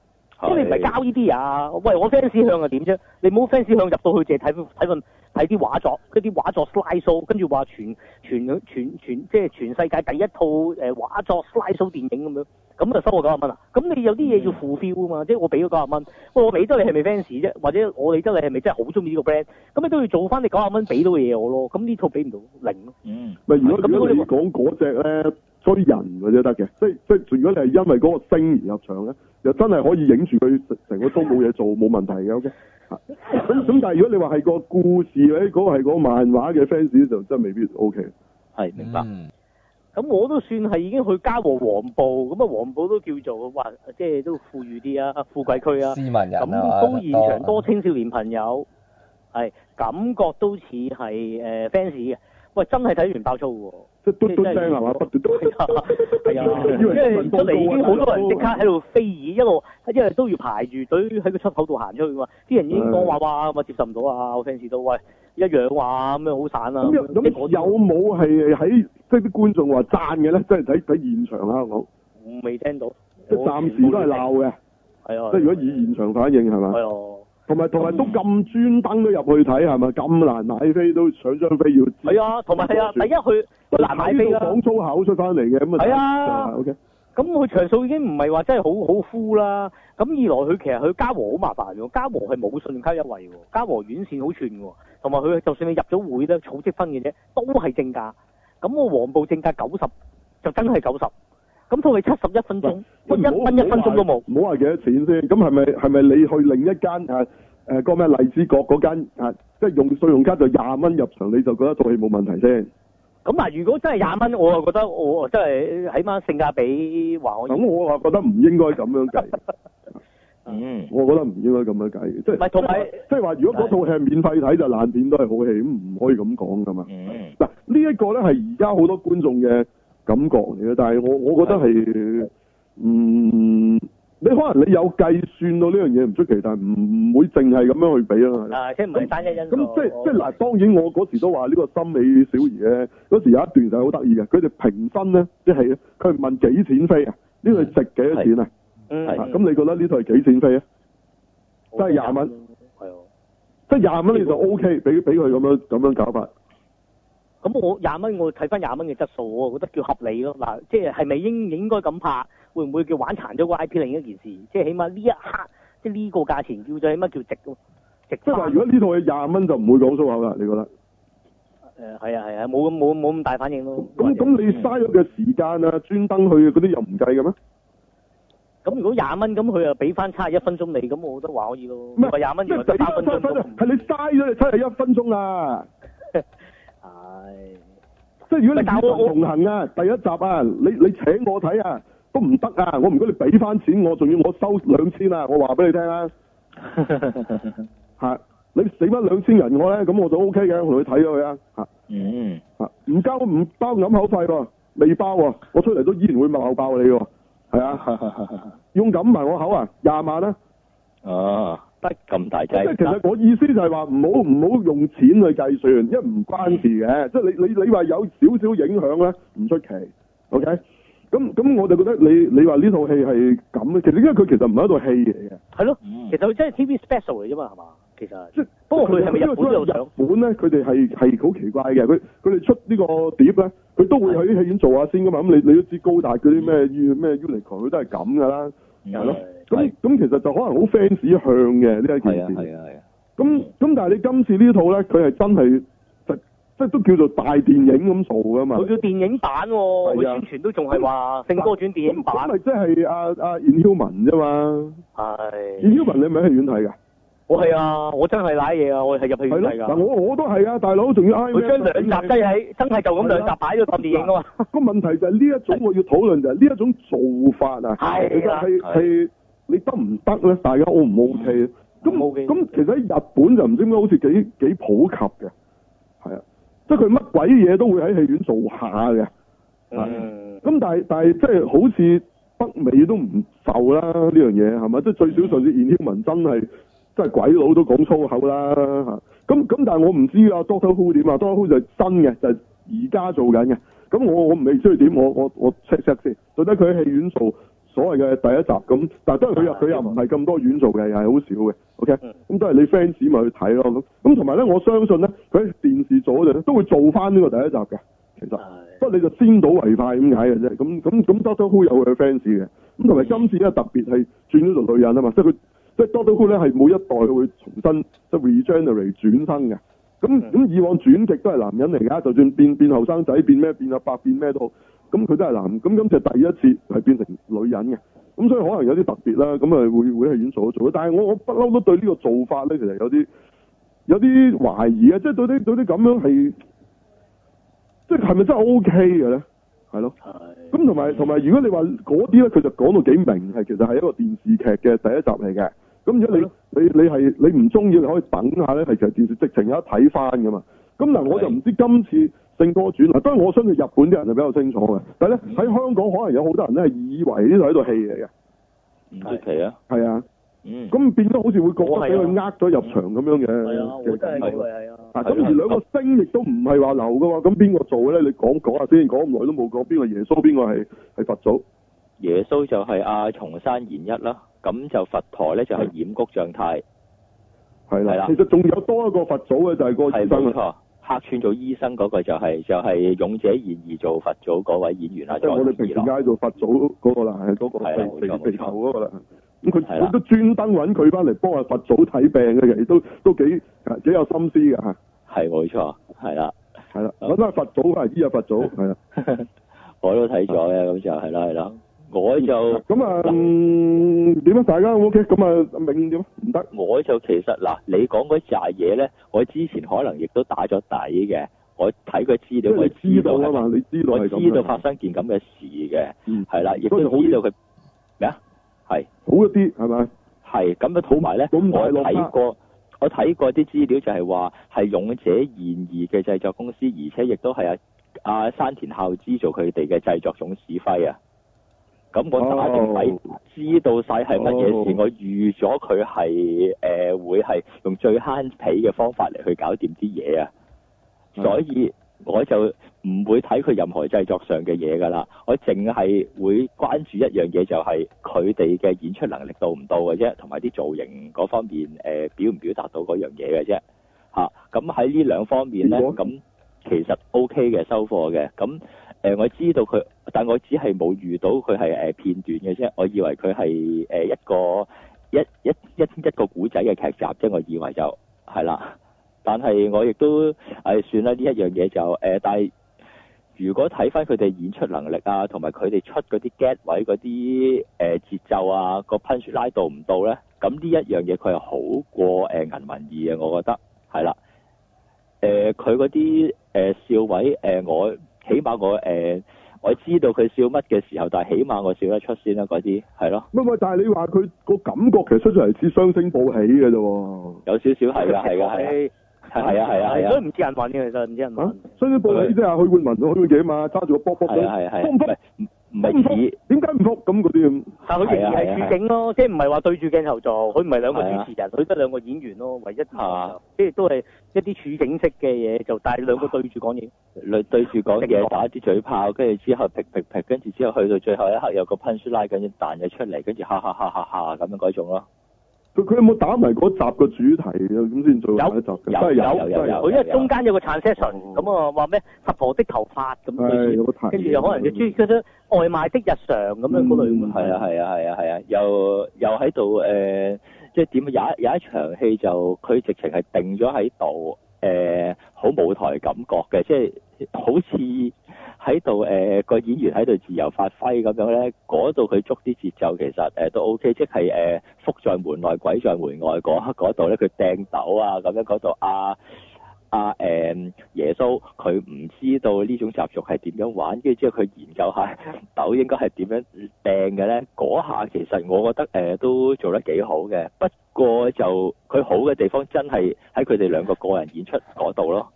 咁是你唔係交呢啲呀？喂，我 fans 向係點啫？你冇 fans 向入到去淨係睇份睇份睇啲畫作，嗰啲畫作 slide show，跟住話全全全全，全，全即係全世界第一套誒、呃、畫作 slide show 電影咁樣，咁就收我九十蚊啦。咁你有啲嘢要 fulfill 啊嘛，嗯、即係我俾咗九十蚊，喂，我理得你係咪 fans 啫？或者我理得你係咪真係好中意呢個 brand？咁你都要做翻你九十蚊俾到嘢我咯。咁呢套俾唔到零咯、啊。嗯，咪如果咁樣你講嗰隻咧？多啲人或者得嘅，即係即係，如果你係因為嗰個星而入場咧，又真係可以影住佢成個都冇嘢做，冇問題嘅，O K。咁、okay? 咁， 但係如果你話係個故事，誒、那、嗰個係個漫畫嘅 fans 就真係未必 O、OK、K。係，明白。咁、嗯、我都算係已經去嘉禾黃埔，咁啊黃埔都叫做話即係都富裕啲啊，富貴區啊，斯文人啊，咁都現場多青少年朋友，係了感覺都似係誒 fans 嘅。呃喂，真係睇完爆粗嘅喎，嘟嘟聲係嘛，不斷聲係啊，因為到嚟已經好多人即刻喺度飛耳，一路，因為都要排住隊喺個出口度行出去嘛，啲人已經講話哇咁啊接受唔到啊，我 fans 都喂一樣話咁樣好散啊，咁有冇係喺即係啲觀眾話讚嘅咧？即係睇睇現場啦，我未聽到，即係暫時都係鬧嘅，係啊，即係如果以現場反應係咪？係啊。同埋同埋都咁專登都入去睇係咪？咁難買飛都搶張飛要？係啊，同埋係啊，第一佢都難買飛啦。講粗口出翻嚟嘅咁係啊，咁佢場數已經唔係話真係好好 full 啦。咁二來佢其實佢嘉禾好麻煩嘅喎，嘉禾係冇信用卡優惠嘅喎，嘉禾院線好串嘅喎，同埋佢就算你入咗會呢，儲積分嘅啫，都係正價。咁我黃埔正價九十就真係九十。咁套戲七十一分鐘，一分一分鐘都冇。唔好話幾多錢先，咁係咪係咪你去另一間啊？誒、啊，個咩荔枝角嗰間啊？即係用信用卡就廿蚊入場，你就覺得套戲冇問題先？咁啊，如果真係廿蚊，我啊覺得我真係起碼性價比話我。咁我啊覺得唔應該咁樣計。嗯。我覺得唔應該咁樣計，即係同埋即係話，如果嗰套戲係免費睇的就爛片都係好戲，咁唔可以咁講㗎嘛。嗯。嗱，呢一個咧係而家好多觀眾嘅。感覺嚟嘅，但係我我覺得係，嗯，你可能你有計算到呢樣嘢唔出奇，但係唔會淨係咁樣去俾啊嘛。即係唔會單因素。咁即係即係嗱，當然我嗰時都話呢個心理小兒咧，嗰時有一段就係好得意嘅，佢哋平分咧，即係佢問幾錢飛啊？呢個值幾多錢啊？咁你覺得呢套係幾錢飛啊？即係廿蚊，係啊，即係廿蚊你就 O K，俾俾佢咁樣咁樣搞法。咁我廿蚊，我睇翻廿蚊嘅質素，我覺得叫合理咯。嗱，即係係咪應應該咁拍，會唔會叫玩殘咗個 IP？另一件事，即係起碼呢一刻，即係呢個價錢叫做，起碼叫值咯？值。即係話，如果呢套嘢廿蚊就唔會講粗口啦，你覺得？誒係啊係啊，冇咁冇冇咁大反應咯。咁咁那你嘥咗嘅時間啊，專登去嗰啲又唔計嘅咩？咁如果廿蚊，咁佢又俾翻七十一分鐘你，咁我覺得還可以咯。如果廿蚊，麼原來七十一分鐘係你嘥咗你七十一分鐘啊！ 係，即係如果你合我同行啊，第一集啊，你你請我睇啊，都唔得啊，我唔該你俾翻錢我，仲要我收兩千啊，我話俾你聽啊， 你死返兩千人我咧，咁我就 O K 嘅，同你睇咗佢啊，吓，嗯，吓，唔交唔包掩口費喎、啊，未包喎、啊，我出嚟都依然會口爆你嘅，係啊，用掩埋我口啊，廿萬啦，啊。啊得咁大劑，即係其實我意思就係話唔好唔好用錢去計算，因為唔關事嘅，即係 你你你話有少少影響咧，唔出奇，OK？咁咁 我就覺得你你話呢套戲係咁嘅，其實因為佢其實唔係一套戲嚟嘅，係咯、嗯，其實佢真係 TV special 嚟啫嘛，係嘛，其實。即係 不過佢係咪日本，日本咧，佢哋係係好奇怪嘅，佢佢哋出呢個碟咧，佢都會喺戲院做下先噶嘛。咁的、嗯、你你知道高達嗰啲咩咩 Unicorn 佢都係咁噶啦，係咯、嗯。咁其實就可能好 fans 向嘅呢一件事。係啊，係啊，咁咁，但係你今次呢套咧，佢係真係即即都叫做大電影咁做噶嘛。佢叫電影版喎，佢宣傳都仲係話《聖哥傳》電影版。咪即係阿阿袁曉文啫嘛。係。袁曉文，你咪去院睇㗎？我係啊，我真係瀨嘢啊，我係入去院睇㗎。嗱，我我都係啊，大佬仲要挨。佢將兩集雞喺真係就咁兩集擺咗入電影啊嘛。個問題就係呢一種，我要討論就係呢一種做法啊。係。其實你得唔得咧？大家 O 唔 O K 咧？咁咁，其實喺日本就唔知點解好似幾幾普及嘅，係啊，即係佢乜鬼嘢都會喺戲院做下嘅。咁、嗯、但係但係，即係好似北美都唔受啦呢樣嘢，係咪？即係最少，上次燕天文真係真係鬼佬都講粗口啦吓。咁咁，但係我唔知啊，Doctor Who 點啊？Doctor Who 就新嘅，就而家做緊嘅。咁我我未知去點，我我我 check check 先，到底佢喺戲院做。所謂嘅第一集咁，但係都係佢又佢又唔係咁多院做嘅，又係好少嘅，OK？咁的都係你 fans 咪去睇咯咁。咁同埋咧，我相信咧，佢喺電視做就都會做翻呢個第一集嘅，其實。不過的你就先睹為快咁解嘅啫。咁咁咁，Doctor Who 有佢 fans 嘅。咁同埋今次咧，特別係轉咗做女人啊嘛，即係佢即係 Doctor Who 咧係每一代會重新即係 regenerate 轉生嘅。咁咁的以往轉極都係男人嚟噶，就算變變後生仔變咩變阿伯變咩都好。咁佢都係男，咁咁就第一次係變成女人嘅，咁所以可能有啲特別啦，咁啊會會係咁做做。但係我我不嬲都對呢個做法咧，其實有啲有啲懷疑啊，即係對啲對啲咁樣係，即係係咪真係 O K 嘅咧？係咯的，咁同埋同埋，如果你話嗰啲咧，佢就講到幾明，係其實係一個電視劇嘅第一集嚟嘅。咁如果你的你你係你唔中意，你可以等下咧，係其實電視直情有得睇翻噶嘛。咁嗱，我就唔知今次。聖哥傳，嗱當然我相信日本啲人就比較清楚嘅，但係咧，喺香港可能有好多人咧係以為呢度喺度戲嚟嘅，唔出奇啊，係啊，嗯，咁變咗好似會覺得畀佢呃咗入場咁樣嘅，係啊，係啊，係啊，咁而兩個星亦都唔係話流嘅喎，咁邊個做嘅咧？你講講下先，講咁耐都冇講邊個耶穌，邊個係係佛祖？耶穌就係阿松山賢一啦，咁就佛陀咧就係染谷將太，係啦，啦，其實仲有多一個佛祖嘅就係個耶客串做醫生嗰個就係、是、就係、是、勇者義彥做佛祖嗰位演員，即係我哋平時叫做佛祖嗰個啦，係嗰個，那個那是的地球地球嗰個啦。咁佢都專登揾佢翻嚟幫阿佛祖睇病嘅人，亦都都幾幾有心思嘅吓。係冇錯，係啦，係啦。我都係佛祖，係醫阿佛祖，係啦。 我都睇咗嘅，咁 就係啦，係啦。我就咁啊，點樣？大家 O K？咁啊，明點？唔得。我就其實嗱，你講嗰扎嘢咧，我之前可能亦都打咗底嘅。我睇個資料，我知道啊嘛，你知道我知道發生件咁嘅事嘅，係啦，亦都知道佢咩啊？係好一啲係咪？係咁樣套埋咧。我睇過，我睇過啲資料就係話係勇者嫌疑嘅製作公司，而且亦都係阿阿山田孝之做佢哋嘅製作總指揮啊。咁我打定底知道曬係乜嘢事，oh, oh, 我預咗佢係誒會係用最慳皮嘅方法嚟去搞掂啲嘢啊，所以我就唔會睇佢任何製作上嘅嘢㗎啦，我淨係會關注一樣嘢就係佢哋嘅演出能力到唔到嘅啫，同埋啲造型嗰方面誒、呃、表唔表達到嗰樣嘢嘅啫。嚇、啊，咁喺呢兩方面咧，咁果其實 OK 嘅收貨嘅，咁。誒我知道佢，但我只係冇遇到佢係誒片段嘅啫。我以為佢係誒一個一一一一個古仔嘅劇集啫。我以為就係啦，但係我亦都誒、哎、算啦。呢一樣嘢就誒，但係如果睇翻佢哋演出能力啊，同埋佢哋出嗰啲 get 位嗰啲誒節奏啊，個 punch 拉到唔到咧，咁呢一樣嘢佢係好過誒銀魂二啊。我覺得係啦，誒佢嗰啲誒笑位誒、呃、我。起碼我誒我知道佢笑乜嘅時候，但起碼我笑得出先啦。嗰啲係咯，唔係，但係你話佢個感覺其實出咗嚟似雙星報喜嘅啫，有少少係㗎，係㗎，係係啊，係啊，我都唔知人話點，其實唔知人話。雙星報喜即係許冠文許冠傑嘛，揸住個波波。唔係似，點解唔服咁嗰啲但佢仍然係處境囉，啊啊啊、即係唔係話對住鏡頭做，佢唔係兩個主持人，佢得、啊、兩個演員囉。唯一，跟住、啊、都係一啲處境式嘅嘢，就帶兩個對住講嘢，對住講嘢打啲嘴炮，跟住之後劈劈劈，劈，跟住之後去到最後一刻有個 punch line 拉緊一彈嘢出嚟，跟住哈哈哈哈咁樣嗰種囉。佢佢有冇打埋嗰集嘅主題啊？咁先做下一集嘅。係有有有，因為中間有個 session 咁啊話咩？佛婆的頭髮咁，跟住又可能又中意嗰啲外賣的日常咁樣嗰類。係啊係啊係啊係啊，又又喺度誒，即係點有一有一場戲就佢直情係定咗喺度。誒好、呃、舞台感覺嘅，即係好似喺度誒個演員喺度自由發揮咁樣咧，嗰度佢捉啲節奏其實誒、呃、都 O、OK, K，即係誒、呃、福在門內鬼在門外嗰度咧，佢掟豆啊咁樣嗰度啊。那個啊啊！誒，耶穌佢唔知道呢種習俗係點樣玩，跟住之後佢研究下痘應該係點樣掟嘅咧。嗰下其實我覺得誒、呃、都做得幾好嘅，不過就佢好嘅地方真係喺佢哋兩個個人演出嗰度咯，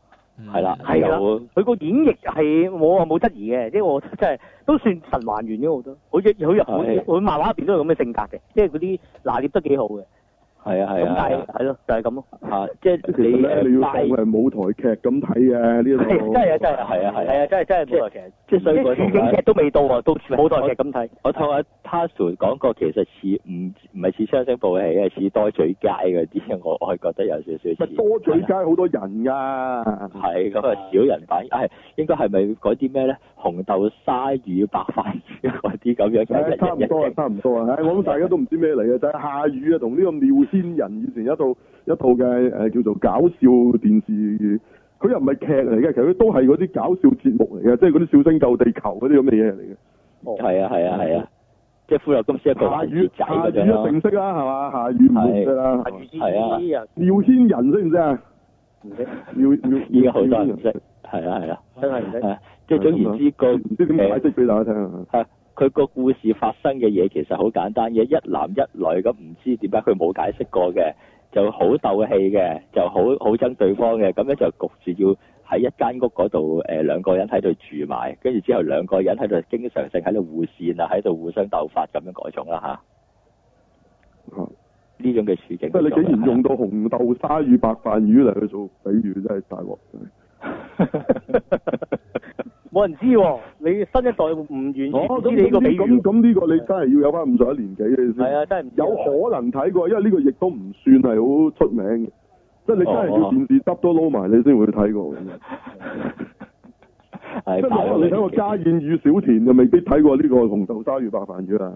係啦，係啦，佢個演繹係我冇質疑嘅，因、就、為、是、我真係都算神還原嘅神還原咗好多，好都佢佢佢漫畫入邊都係咁嘅性格嘅，即係嗰啲拿捏得幾好嘅。係啊，係啊，係咯就係咁咯，啊即係你，要睇係舞台劇咁睇啊，呢個真係真係係啊係啊真係真係舞台劇，即係嗰啲情景劇都未到喎，都舞台劇咁睇。我同阿 Tasuku 講過，其實似唔唔係似雙星報喜，係似多嘴街嗰啲，我我係覺得有少少似。多嘴街好多人㗎，係咁啊少人版，誒應該係咪改啲咩咧？紅豆沙魚白飯啲咁樣。差唔多啊，差唔多啊，我諗大家都唔知咩嚟嘅，就係下雨啊，同呢個尿仙人以前一套一套嘅誒叫做搞笑電視，佢又唔係劇嚟嘅，其實都係嗰啲搞笑節目嚟嘅，即係嗰啲笑聲救地球嗰啲咁嘅嘢嚟嘅。係啊係啊係啊，即係富油金仙人。下雨，下雨啊，定色啦，係嘛？下雨唔同嘅啦。係啊，妙仙人識唔識啊？唔、就、識、是那個，妙妙依家好多人唔識。係啊係啊，真係唔識。即係總言之，個唔知點解釋俾大家聽。佢個故事發生嘅嘢其實好簡單嘅，一男一女咁唔知點解佢冇解釋過嘅，就好鬥氣嘅，就好好憎對方嘅，咁咧就焗住要喺一間屋嗰度，誒兩個人喺度住埋，跟住之後兩個人喺度經常性喺度互扇啊，喺度互相鬥法咁樣嗰種啦嚇。呢、啊啊、種嘅處境。不過，你竟然用到、啊、用到紅豆沙與白飯魚嚟去做比喻，真係大鑊！ 冇人知喎，你新一代唔願意知你呢個背，咁呢個你真係要有翻五十一年紀嘅的先。係啊，真係唔有可能睇過，因為呢個亦都唔算係好出名嘅，即係、哦、你真係要電視揼都撈埋你先會睇過，的過。即係你睇個家燕與小田的就未必睇過呢個紅豆沙與白飯魚啦。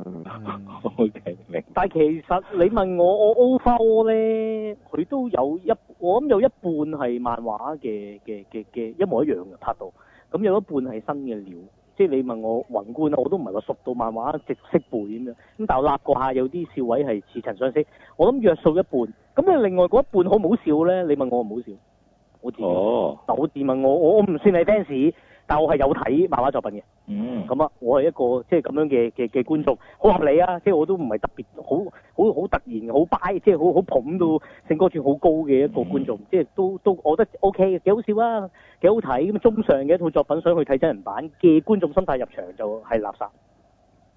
好奇、嗯 okay，但係其實你問我，我 Over 咧，佢都有一我諗有一半係漫畫嘅嘅嘅嘅一模一樣嘅拍到。咁有一半係新嘅料，即係你問我宏觀啊，我都唔係話熟到漫畫直識背咁樣，咁但係我立過下有啲笑位係似曾相識，我諗約數一半，咁你另外嗰一半好唔好笑咧？你問我唔好笑，我自問，嗱、哦、我自問我我我唔算係 fans，但我係有睇漫畫作品嘅。嗯，咁啊、嗯，我係一個即係咁樣嘅嘅嘅觀眾，好合理啊！即、就、係、是、我都唔係特別好好好突然好 buy 即係好好捧到聖哥傳好高嘅一個觀眾，即係都都，都我覺得 O K，幾好笑啊，幾好睇咁中上嘅一套作品，想去睇真人版嘅觀眾心態入場就係垃圾。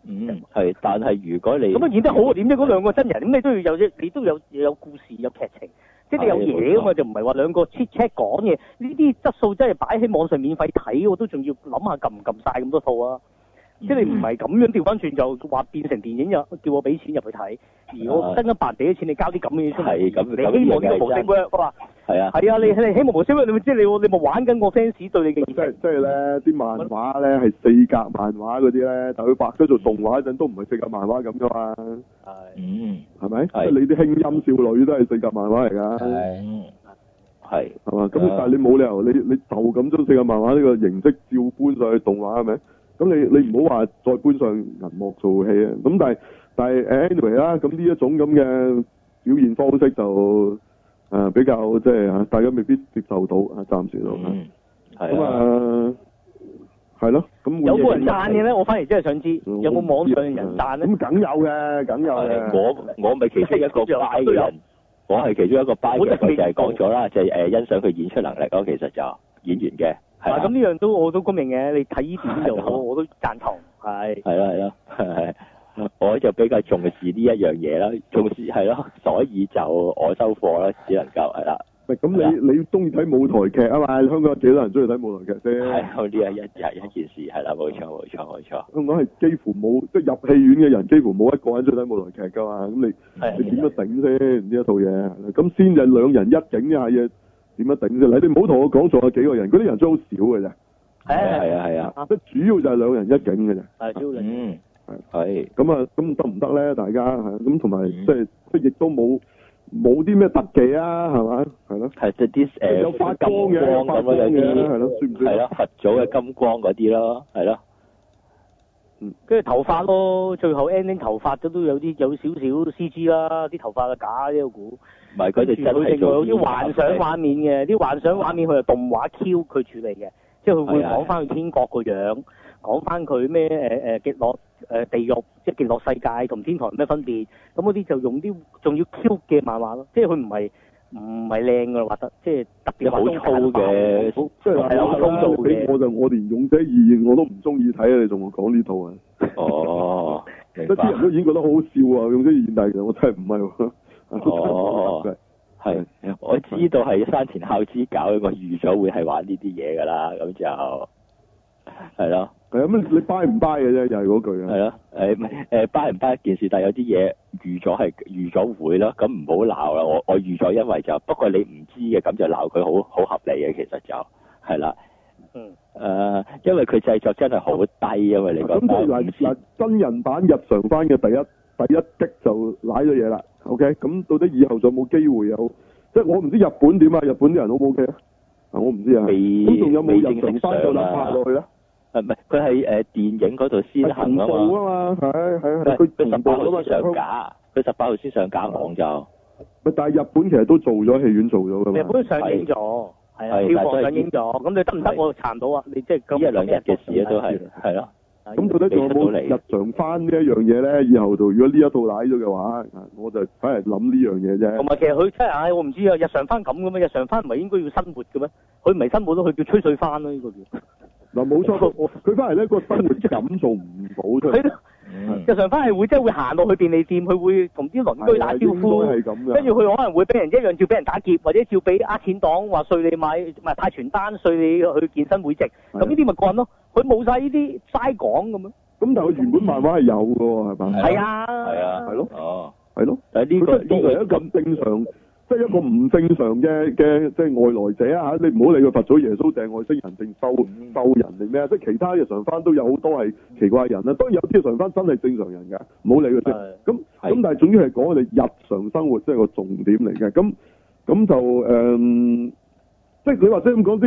嗯，嗎但係如果你咁啊，演得、嗯、好點啫？嗰兩個真人，咁你都要有你都有有故事，有劇情。即你有嘢嘛，就唔係話兩個 check check 講嘢，呢啲質素真係擺喺網上免費睇，我都仲要諗下撳唔撳曬咁多套啊！嗯、即你唔係咁樣調翻轉就話變成電影又叫我俾錢入去睇，而我真金白地啲錢你交，啲咁嘅嘢出嚟，的你希望啲模式咩？我係啊，係啊，你你起慕無師你咪知你，你咪玩緊個 fans 對你嘅，即係即係咧啲漫畫咧係四格漫畫嗰啲咧，但係佢拍咗做動畫嗰陣都唔係四格漫畫咁噶嘛。係，嗯，係咪？即係你啲輕音少女都係四格漫畫嚟噶。係，係，係嘛？咁但係你冇理由，你你就咁將四格漫畫呢個形式照搬上去動畫係咪？咁你你唔好話再搬上銀幕做戲啊。咁但係但係誒 anyway 啦，咁呢一種咁嘅表現方式就。誒，比較即係大家未必接受到啊，暫時度。嗯，係。咁啊，係咯。咁有冇人讚嘅咧？我反而真係想知有冇網上人讚咧？咁梗有嘅，梗有嘅。我我咪其中一個 buy 人，我係其中一個 buy 嘅，我就係講咗啦，就係誒欣賞佢演出能力咯，其實就演員嘅。嗱，咁呢樣都我都公認嘅，你睇呢呢度我我都讚同，係。係啦係咯，係。我就比較重視呢一樣嘢啦，重視係咯，所以就我收貨啦，只能夠係啦。咁，你你中意睇舞台劇啊嘛？香港有幾多人中意睇舞台劇先？呢，係一，係一件事，係啦，冇錯，冇錯，冇錯。香港係幾乎冇，即係入戲院嘅人，幾乎冇一個人中意睇舞台劇噶嘛。咁你你點樣頂先？呢一套嘢咁先就兩人一景呢下嘢，點樣頂？你哋唔好同我講仲有幾個人，嗰啲人都好少嘅啫。係啊，係啊，係啊，即主要就係兩人一景嘅啫。係，主要。係，咁啊，咁得唔得咧？大家嚇，咁同埋即係亦都冇冇啲咩特技啊，係咪？係咯，係啲有花金光咁咯，有啲係咯，係咯，佛祖嘅金光嗰啲咯，係咯，嗯，跟住頭髮咯，最後 ending 頭髮都都有啲有少少 CG 啦，啲頭髮啊假，呢我估唔係佢哋就係做啲幻想畫面嘅，啲幻想畫面佢係動畫 Q 佢處理嘅，即係佢會講翻去天國個樣。講翻佢咩，誒、誒，極樂誒地獄，即係極樂世界同天堂咩分別？咁嗰啲就用啲仲要 Q 嘅漫畫咯，即係佢唔係唔係靚噶畫得即係特別好粗嘅，即係好粗嘅。我就我連勇者異人我都唔中意睇啊，你仲講呢套啊？哦，啲人都已經覺得好好笑啊，咁啲異人題材，我真係唔係。係，我知道係山田孝之搞，我預咗會係玩呢啲嘢噶啦，咁就係咯。係咁、嗯，你掰唔掰嘅啫，就係嗰句啊。係、哎、誒，唔係，誒、呃，掰唔掰一件事，但係有啲嘢預咗係預咗會啦。咁唔好鬧啦。我我預咗，因為就不過你唔知嘅，咁就鬧佢好好合理嘅，其實就係啦。誒、啊呃，因為佢製作真係好低，嗯、因為你咁即係嗱真人版日常翻嘅第一第一擊就瀨咗嘢啦。OK，咁到底以後仲有冇機會啊？即係我唔知日本點啊，日本啲人好唔好嘅？啊，我唔知啊。未。仲有冇日常翻到落去唔係，佢係誒電影嗰度先行啊嘛，佢同步啊嘛，佢十八號先上架，佢十八號先上架網就。但係日本其實都做咗戲院做咗㗎嘛。日本上映咗，係票房上映咗，咁你得唔得我撐到啊？你即係今日兩日嘅事啊，都係。係咯。咁到底仲有冇日常翻呢一樣嘢咧？以後就如果呢一套攰咗嘅話，我就反度諗呢樣嘢啫。同埋其實佢即唉，我唔知啊，日常翻咁嘅咩？日常翻唔係應該要生活嘅咩？佢唔係生活咯，佢叫吹水翻咯，呢個叫。嗱，冇錯，佢翻嚟咧個生活即係咁做唔到啫。佢日常翻嚟會即係會行落去便利店，佢會同啲鄰居打招呼，跟住佢可能會俾人一樣照俾人打劫，或者照俾呃錢黨話稅你買唔係派傳單，稅你去健身會籍。咁呢啲咪幹咯？佢冇晒呢啲齋講咁樣！咁、嗯、但係佢原本漫畫係有喎，係咪？係啊，係啊，係咯，係咯，咁做嚟都咁正常。即係一個唔正常嘅嘅，即係外來者啊！嚇，你唔好理佢佛祖耶穌定外星人定獸獸人定咩啊！即係其他日常番都有好多係奇怪的人啦。當然有啲日常番真係正常人嘅，唔好理佢咁咁，但係總之係講我哋日常生活先係個重點嚟嘅。咁咁就誒。嗯即係你話齋咁講，叫處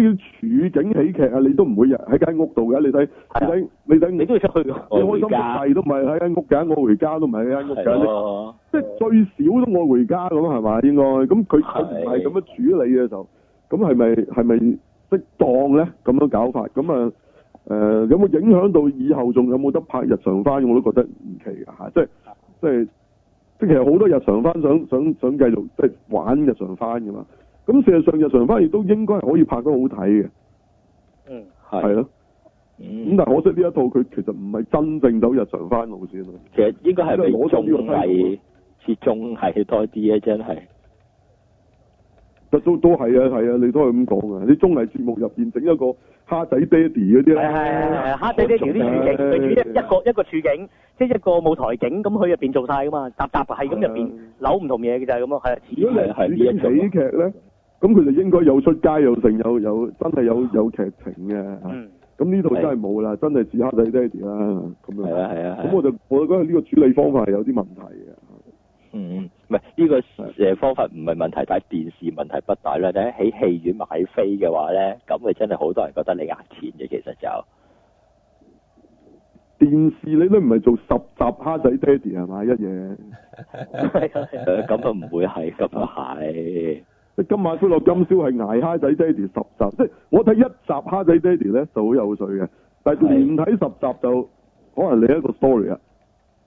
境喜劇啊，你都唔會日喺間屋度嘅，你睇的你睇你睇。你都要出去我你開心係都唔係喺間屋嘅，我回家都唔係喺間屋嘅，即係的最少都我回家咁係嘛？應該咁佢佢唔係咁樣處理嘅就，咁係咪係咪即係適當咧咁樣搞法？咁啊誒，呃、有冇影響到以後仲有冇得拍日常番？我都覺得唔奇嚇，即係即係即其實好多日常番想想想繼續即係玩日常番㗎嘛。咁事實上日常番亦都應該係可以拍得好睇嘅，嗯係係咯，咁但係可惜呢一套佢其實唔係真正走日常番路線啊，其實應該係比綜藝始終係多啲嘅，真係，都都係啊係啊，你都係咁講啊，啲綜藝節目入邊整一個蝦仔爹哋嗰啲咧，係蝦仔爹哋啲處境，對住一一個一個處境，即係一個舞台景，咁佢入邊做晒㗎嘛，搭搭係咁入邊扭唔同嘢嘅就係咁咯，係如果係喜劇咧？咁佢哋應該有出街，又剩有有，有真係有有劇情嘅。咁呢度真係冇啦，的真係似蝦仔爹哋啦。咁係啊，係啊樣。咁我就我覺得呢個處理方法係有啲問題嘅。嗯，唔係呢個誒方法唔係問題，但係電視問題不大啦。但喺戲院買飛嘅話咧，咁佢真係好多人覺得你壓錢嘅。其實就電視你都唔係做十集蝦仔爹哋係嘛一嘢，咁就唔會係，咁就、啊今晚歡樂今宵係捱蝦仔爹哋十集，是的即我睇一集蝦仔爹哋咧就好有趣嘅，但連睇十集就可能你一個 story 啦。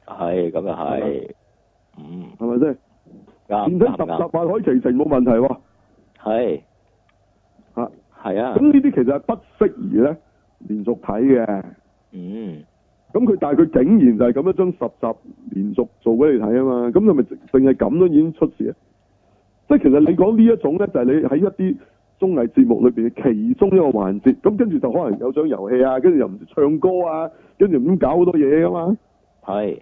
係咁又係，吧的嗯，係咪先？唔睇十集還、啊、海的其成冇問題喎。係，吓，係啊。咁呢啲其實係不適宜咧連續睇嘅。嗯。咁佢但係佢竟然就係咁樣將十集連續做俾你睇啊嘛，咁係咪淨係咁都已經出事啊？即係其實你講呢一種咧，就係、是、你喺一啲綜藝節目裏邊嘅其中一個環節，咁跟住就可能有獎遊戲啊，跟住又唔唱歌啊，跟住咁搞好多嘢啊嘛。係是。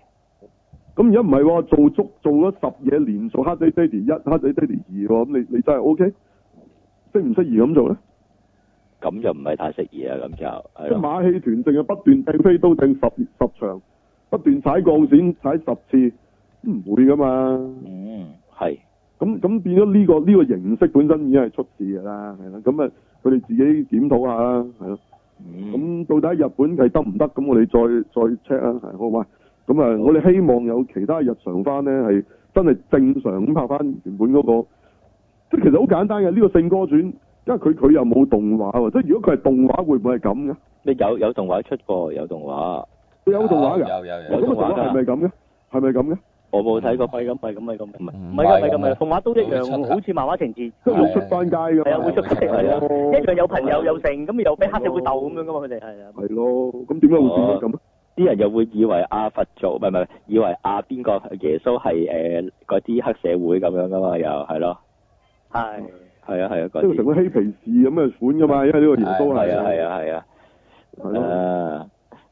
咁而家唔係話做足做咗十嘢連做，黑仔爹哋一，黑仔爹哋二，咁你你真係 O K？適唔適宜咁做咧？咁又唔係太適宜啊，咁就係。即係馬戲團淨係不斷掟飛刀，掟十十場，不斷踩鋼線踩十次，唔會噶嘛。嗯，係。咁咁、嗯、變咗呢、這個呢、這個形式本身已經係出事㗎啦，係咯。咁啊，佢哋自己檢討下啦，係咯。咁、嗯、到底日本係得唔得？咁我哋再再 check 啊，好唔好咁啊、嗯，我哋希望有其他日常翻咧係真係正常咁拍翻原本嗰、那個，即係其實好簡單嘅呢、這個聖歌傳，因為佢佢又冇動畫喎。即係如果佢係動畫，會唔會係咁嘅？你有有動畫出過？有動畫。有動畫㗎。有有有。有個動係咪咁嘅？係咪咁嘅？啊是我冇睇過，咪咁咪咁咪咁，唔係唔係唔咪咁咪，動畫都一樣，好似漫畫情節，都會出翻街㗎。係啊，會出街嚟啊，一樣有朋友有剩，咁又俾黑社會鬥咁樣噶嘛，佢哋係啊。係咯，咁點解會變成咁？啲人又會以為阿佛祖，唔係唔係，以為阿邊個耶穌係誒嗰啲黑社會咁樣噶嘛，又係咯。係。係啊係啊，都成個嬉皮士咁嘅款噶嘛，因為呢個耶穌係啊係啊係啊。係啊。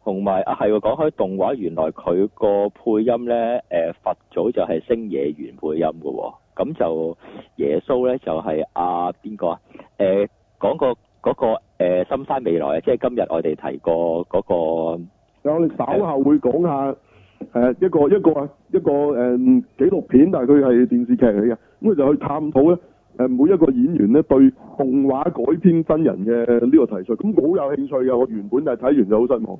同埋啊，係講開動畫，原來佢個配音呢，呃、佛祖就係星野源配音嘅喎、哦。咁就耶穌呢，就係阿邊個啊？呃、講過、那個嗰個、呃、深山未來即係今日我哋提過嗰、那個，我哋稍後會講一下、呃、一個一個一個誒、呃、紀錄片，但佢係電視劇嚟嘅。咁佢就去探討呢，每一個演員呢對動畫改編真人嘅呢個題材，咁好有興趣嘅。我原本就係睇完就好失望。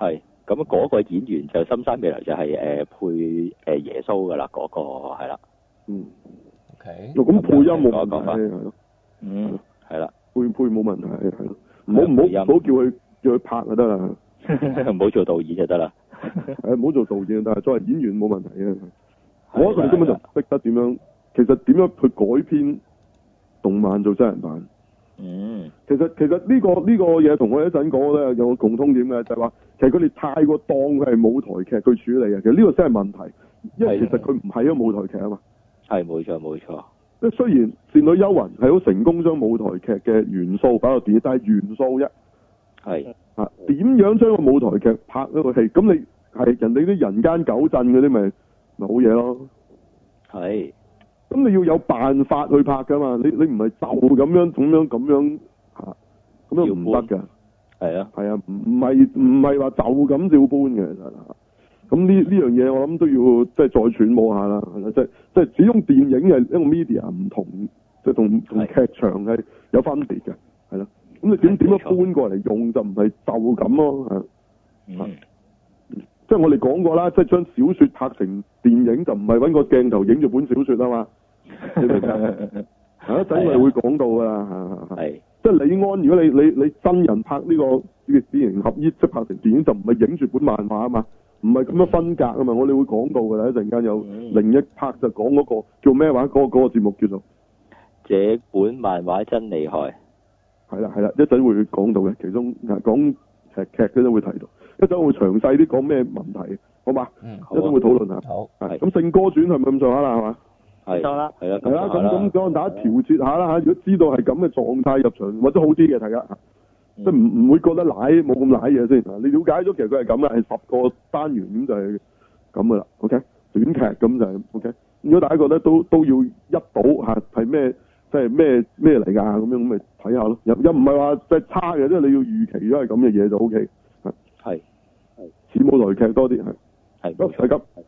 係，咁嗰個演員就深山未來就係誒配誒耶穌噶啦，嗰個係啦。嗯，OK。咁配音冇問題係咯。嗯，係啦。配配冇問題係咯。唔好唔好唔好叫佢叫佢拍就得啦。唔好做導演就得啦。唔好做導演，但係作為演員冇問題嘅。我嗰陣根本就唔識得點樣，其實點樣去改編動漫做真人版？嗯，其實，其實其實呢個呢、呢個嘢同我一陣講咧有個共通點嘅，就係話其實佢哋太過當佢係舞台劇去處理啊，其實呢個先係問題，因為其實佢唔係一個舞台劇啊嘛。係冇錯冇錯，即雖然《倩女幽魂》係好成功將舞台劇嘅元素擺到電但係元素啫。係啊的，點樣將個舞台劇拍呢個戲？咁你係人哋啲人間九陣嗰啲咪咪好嘢咯？係。咁你要有辦法去拍噶嘛？你你唔係就咁樣咁樣咁樣嚇，咁樣唔得噶。係啊，係啊，唔唔係唔係話就咁照搬嘅咁，呢呢樣嘢我諗都要即係、就是、再揣摩下啦。即係即係，就是就是、始終電影係一個 media，唔同即係同同劇場係有分別嘅，係啦。咁你點點樣搬過嚟用就唔係就咁咯。啊、嗯，即係、啊就是、我哋講過啦，即係將小説拍成電影就唔係揾個鏡頭影住本小説啊嘛。一陣會講到噶啦，係、啊啊、即係李安，如果你你你真人拍呢、這個《御、這、史、個、合一即拍成電影就唔係影住本漫畫啊嘛，唔係咁樣分隔啊嘛，我哋會講到噶啦，一陣間有另一拍就、那個，就講嗰個叫咩話？嗰、那個嗰、那個節目叫做《這本漫畫真厲害、啊》。係啦係啦，一陣會講到嘅，其中講戲劇都都會提到，一陣會詳細啲講咩問題，好嘛？嗯好啊、一陣會討論下。好，咁、啊《聖、啊、哥傳》係咪咁上下啦？係嘛？係錯啦，係啦，係啦，咁咁當大家調節下啦嚇。如果知道係咁嘅狀態入場或者好啲嘅，大家即係唔唔會覺得瀨冇咁瀨嘢先。你了解咗，其實佢係咁啊，係十個單元咁就係咁噶啦。OK，短劇咁就係 OK。如果大家覺得都都要一睹嚇，係咩即係咩咩嚟㗎？咁樣咁咪睇下咯。又又唔係話即係差嘅，即係你要預期，咗果係咁嘅嘢就 OK，係係，似舞台劇多啲，係係，唔使急。